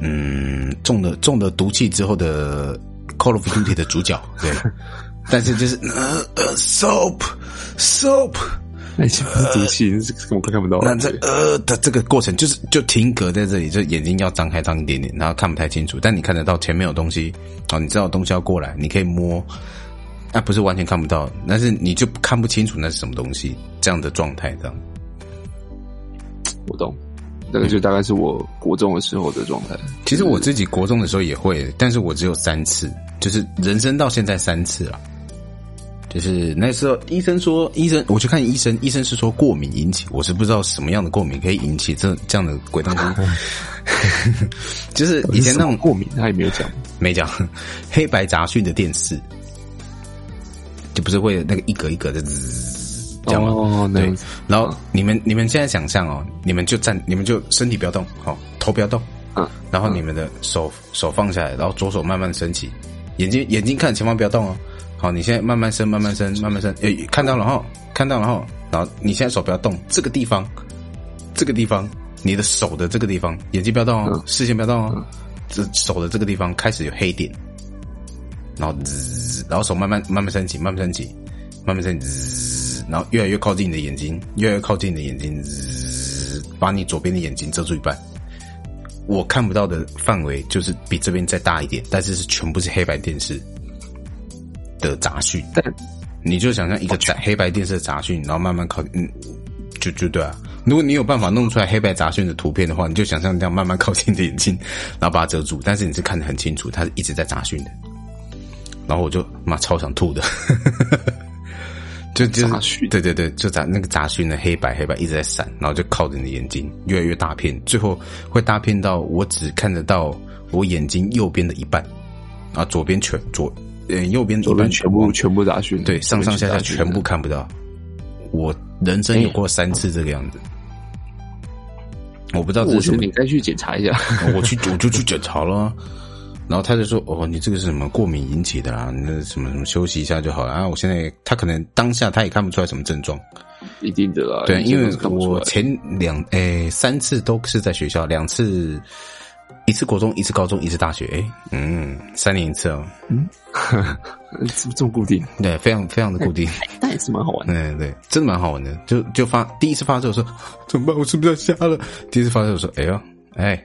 嗯，中了中了毒氣之後的《Call of Duty》的主角，對。 但是就是，soap 呃，呃 soap，soap 呃、欸、不是毒氣，我、呃、看不到了。那這呃，的這個過程就是就停格在這裡，就眼睛要張開張一點點，然後看不太清楚。但你看得到前面有東西啊、哦，你知道東西要過來，你可以摸。啊，不是完全看不到，但是你就看不清楚那是什麼東西，這樣的狀態這樣。我懂。那個就大概是我國中的時候的狀態、嗯。其實我自己國中的時候也會，但是我只有三次，就是人生到現在三次了、啊。就是那時候醫生說，醫生我去看醫生，醫生是說過敏引起，我是不知道什麼樣的過敏可以引起這這樣的鬼當中 就是以前那種過敏，他也沒有講，沒講。黑白雜訊的電視，就不是會那個一格一格的嘖嘖。這樣嗎？oh, oh, oh,、no. 對。然後你們你們現在想象哦、喔，你們就站，你們就身體不要動，好，頭不要動，然後你們的手手放下來，然後左手慢慢升起，眼睛眼睛看前方不要動哦、喔。好，你現在慢慢升，慢慢升，慢慢升，誒，看到了哈，看到了哈，然後你現在手不要動，這個地方，這個地方，你的手的這個地方，眼睛不要動哦、喔，視線不要動哦、喔，這、嗯嗯、手的這個地方開始有黑點，然後滋，然後手慢慢慢慢升起，慢慢升起，慢慢升起滋。然後越來越靠近你的眼睛，越來越靠近你的眼睛，把你左邊的眼睛遮住一半，我看不到的範圍就是比這邊再大一點，但是是全部是黑白電視的雜訊。你就想象一個全黑白電視的雜訊，然後慢慢靠，嗯，就就對啊。如果你有辦法弄出來黑白雜訊的圖片的話，你就想象這樣慢慢靠近你的眼睛，然後把它遮住，但是你是看得很清楚，它是一直在雜訊的。然後我就，媽，超想吐的。 就就對對對，就在那個雜訊的黑白黑白一直在閃，然後就靠着你的眼睛越來越大片，最後會大片到我只看得到我眼睛右邊的一半，啊，左邊、欸、全左右邊左邊全部全部雜訊，對訊上上下下全部看不到。我人生有過三次這個樣子，欸、我不知道為什麼我你再去檢查一下， 我去我就去檢查了。然後他就說：“哦，你這個是什麼過敏引起的啊？那什麼什麼,什麼休息一下就好了啊！我現在他可能當下他也看不出來什麼症狀，一定的啦、啊。對，因為我前兩哎三次都是在學校，兩次一次國中，一次高中，一次大學。哎，嗯，三年一次哦。嗯，怎 麼這麼固定？對，非常非常的固定。但也是蠻好玩的。對、哎、對，真的蠻好玩的。就就發第一次發作說怎麼辦？我是不是要瞎了？第一次發作說哎呦哎。”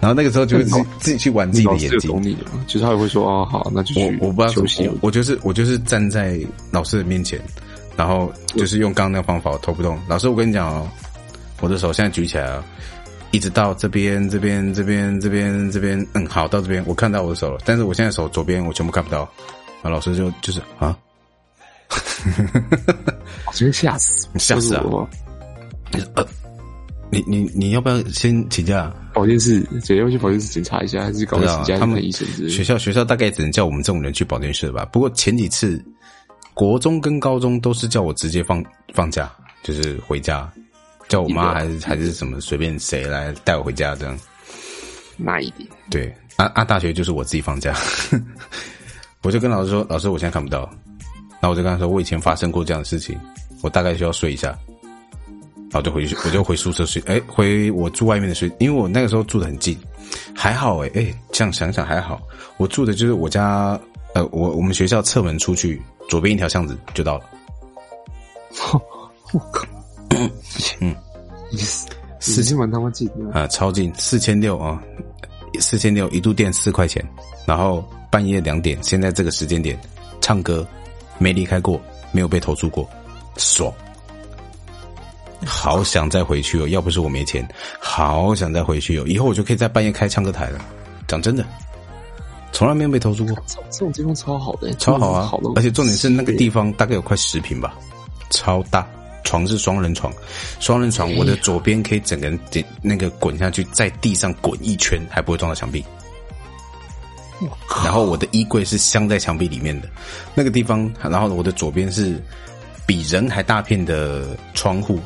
然後那個時候就會自己自己去玩自己的眼睛，就是他也會說哦好，那就去我。我我不要休息。我」我就是我就是站在老師的面前，然後就是用剛剛那個方法，我投不動。老師，我跟你講哦，我的手現在舉起來了，哦，一直到這邊這邊這邊這邊這邊，嗯，好，到這邊我看到我的手了，但是我現在手左邊我全部看不到。啊，老師就就是啊，直 接嚇死，你嚇死啊！就是呃你你你要不要先請假？保健室姐，要去保健室檢查一下，還是搞時間看醫生？學校學校大概只能叫我們這種人去保健室吧。不過前幾次，國中跟高中都是叫我直接放放假，就是回家，叫我媽還是還是什麼隨便誰來帶我回家這樣。那一點對啊啊！啊大學就是我自己放假， 我就跟老師說，老師我現在看不到，然後我就跟他說，我以前發生過這樣的事情，我大概需要睡一下。然、哦、後就回去，我就回宿舍睡。哎，回我住外面的睡，因為我那個時候住的很近，還好哎哎，這樣想想還好。我住的就是我家，呃，我我們學校側門出去，左邊一條巷子就到了。我、哦、靠、哦！ 嗯，死死心眼他媽近啊、呃，超近，四千六啊，四千六一度電四塊錢。然後半夜兩點，現在這個時間點唱歌，沒離開過，沒有被投訴過，爽。好想再回去哦！要不是我沒錢，好想再回去哦！以後我就可以在半夜開唱歌台了。講真的，從來沒有被投訴過。這種地方超好的、欸，超好啊！而且重點是那個地方大概有快十坪吧，超大。床是雙人床，雙人床我的左邊可以整個人那個滾下去，在地上滾一圈，還不會撞到牆壁。然後我的衣櫃是鑲在牆壁裡面的那個地方，然後我的左邊是比人還大片的窗戶。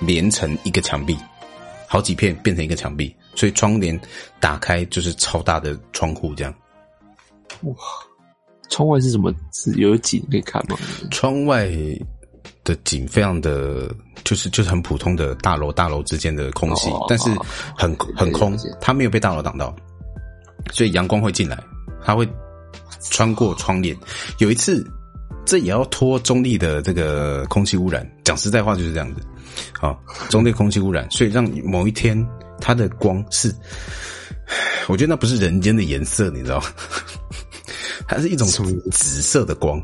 連成一個牆壁，好幾片變成一個牆壁，所以窗簾打開就是超大的窗戶，這樣。哇，窗外是什麼？是有景可以看嗎？窗外的景非常的，就是就是很普通的大樓，大樓之間的空隙，哦、但是很、哦哦哦、很，很空，它沒有被大樓擋到，所以陽光會進來，它會穿過窗簾。有一次，這也要拖中立的這個空氣污染，講實在話就是這樣子。好，中間空氣污染，所以讓某一天它的光是，我覺得那不是人間的顏色，你知道嗎？它是一種紫色的光，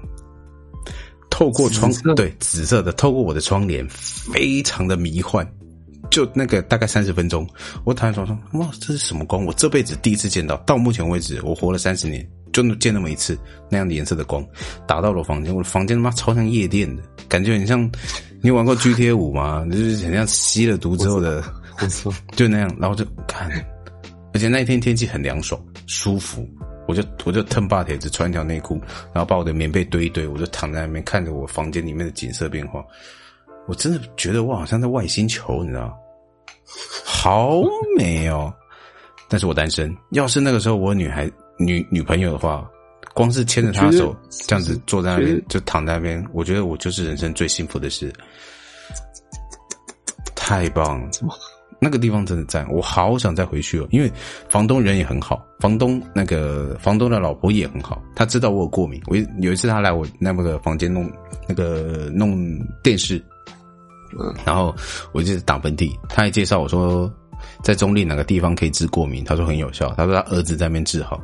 透過窗，紫色？對，紫色的，透過我的窗簾，非常的迷幻，就那個大概三十分鐘，我躺在床上，哇，這是什麼光？我這輩子第一次見到，到目前為止，我活了三十年。就見那麼一次那樣的顏色的光，打到了我房間。我的房間他媽超像夜店的，感覺很像。你玩過 GTA5 嗎？就是很像吸了毒之後的，就那樣。然後就看，而且那一天天氣很涼爽，舒服。我就我就蹭巴鐵子穿一條內褲，然後把我的棉被堆一堆，我就躺在那邊看着我房間裡面的景色變化。我真的覺得我好像在外星球，你知道？好美哦！但是我單身。要是那個時候我女孩。女女朋友的話，光是牽着她的手，這樣子坐在那邊就躺在那邊，我覺得我就是人生最幸福的事，太棒了！那個地方真的讚，我好想再回去哦。因為房東人也很好，房東那個房東的老婆也很好，他知道我有過敏。我有一次他來我那麼個房間弄那個弄電視，然後我就是打噴嚏。他還介紹我說，在中立哪個地方可以治過敏，他說很有效。他說他兒子在那邊治好。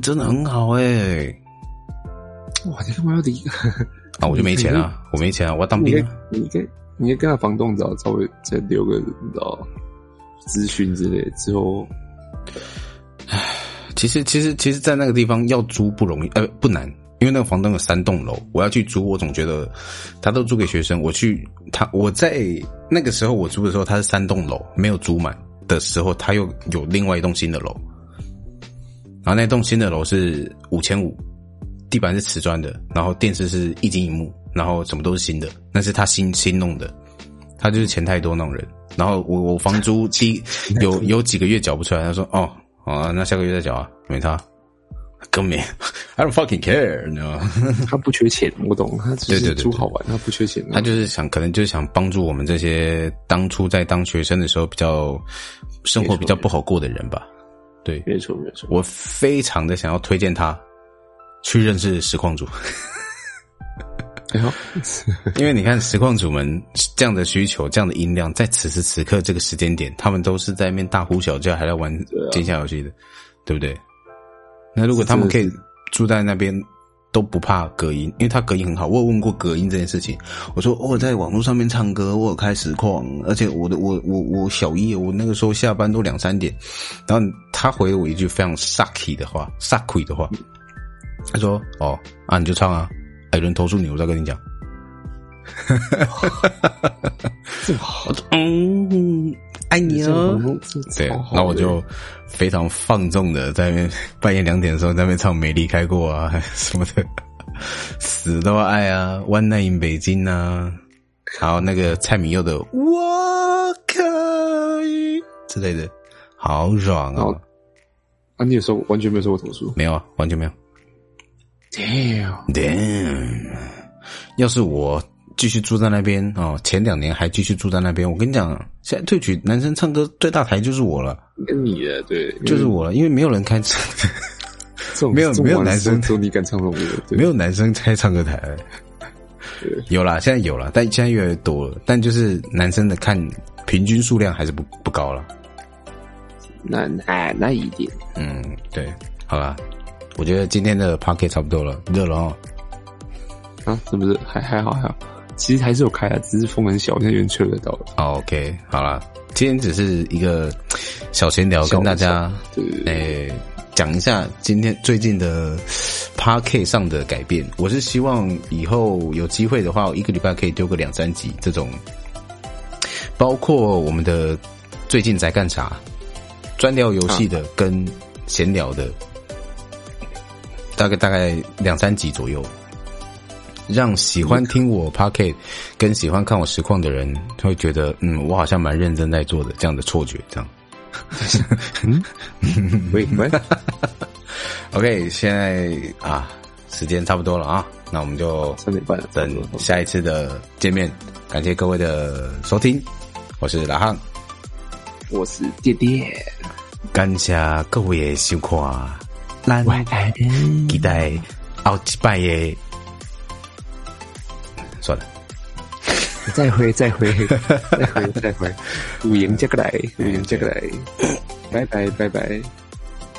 真的很好哎！哇，你幹嘛要一個？啊我就沒錢了啊，我沒錢啊，我要當兵。你跟，你要跟那房東找，找，再留個，知道？諮詢之類之後，唉，其實，其實，其實，在那個地方要租不容易，呃，不難，因為那個房東有三棟樓，我要去租，我總覺得他都租給學生。我去，他我在那個時候我租的時候，他是三棟樓，沒有租滿的時候，他又有另外一棟新的樓。然後那棟新的樓是五千五，地板是瓷磚的，然後電視是液晶螢幕，然後什麼都是新的，那是他新新弄的，他就是錢太多那種人。然後我我房租七有有幾個月繳不出來，他說哦好啊，那下個月再繳啊，沒他更沒 I don't fucking care 你知道嗎？他不缺錢，我懂他只是租好玩，對對對對他不缺錢，他就是想可能就是想幫助我們這些當初在當學生的時候比較生活比較不好過的人吧。對，沒錯，沒錯，我非常的想要推薦他去認識實況主， 因為你看實況主們這樣的需求、這樣的音量，在此時此刻這個時間點，他們都是在那邊大呼小叫，還在玩驚嚇遊戲的，對啊，對不對？那如果他們可以住在那邊。都不怕隔音，因為他隔音很好。我有問過隔音這件事情，我說我在網絡上面唱歌，我有開實況，而且我的我我我小夜，我那個時候下班都兩三點，然後他回了我一句非常 sucky 的話，sucky 的話，嗯，他說：“哦啊，你就唱啊，欸、有人投訴你，我再跟你講。 嗯”哈哈哈哈哈！這娃子。愛、哎、你哦，對，那我就非常放縱的在那邊半夜兩點的時候在那邊唱《沒離開過啊》啊什麼的，死都要愛啊，one night in 北京啊， 然後那個蔡旻佑的我可以之類的，好爽啊！愛、啊、你有時完全沒有收過投訴，沒有啊，完全沒有。damn，, damn、嗯、要是我。繼續住在那邊啊！前兩年還繼續住在那邊。我跟你講，現在退群，男生唱歌最大台就是我了。跟你的對，就是我了，因為，因為沒有人開，唱， 沒有沒有男生，沒有男生開唱歌台。有了，現在有了，但現在越來越多了。但就是男生的看平均數量還是不不高了。那哎，那一點。嗯，對，好了，我覺得今天的 Pocket 差不多了。熱了、哦、啊，是不是？還還好，還好。其實還是有開的、啊，只是風很小，現在有人吹得到了。OK，好了，今天只是一個小閒聊小小，跟大家對講、欸，一下今天最近的 Podcast 上的改變。我是希望以後有機會的話，我一個禮拜可以丟個兩三集這種，包括我們的最近在幹啥，專聊遊戲的跟閒聊的，啊、大概大概兩三集左右。讓喜歡聽我 Podcast 跟喜歡看我實況的人，會覺得嗯，我好像蠻認真在做的這樣的錯覺，這樣。喂、 嗯、 ，OK，現在啊，時間差不多了啊，那我們就三點半等下一次的見面。感謝各位的收聽，我是老漢，我是爹爹，感謝各位的收看，咱期待後一擺耶算了再回，再會再會，再會 再會，五營接個來，五營接個來， 拜拜拜拜。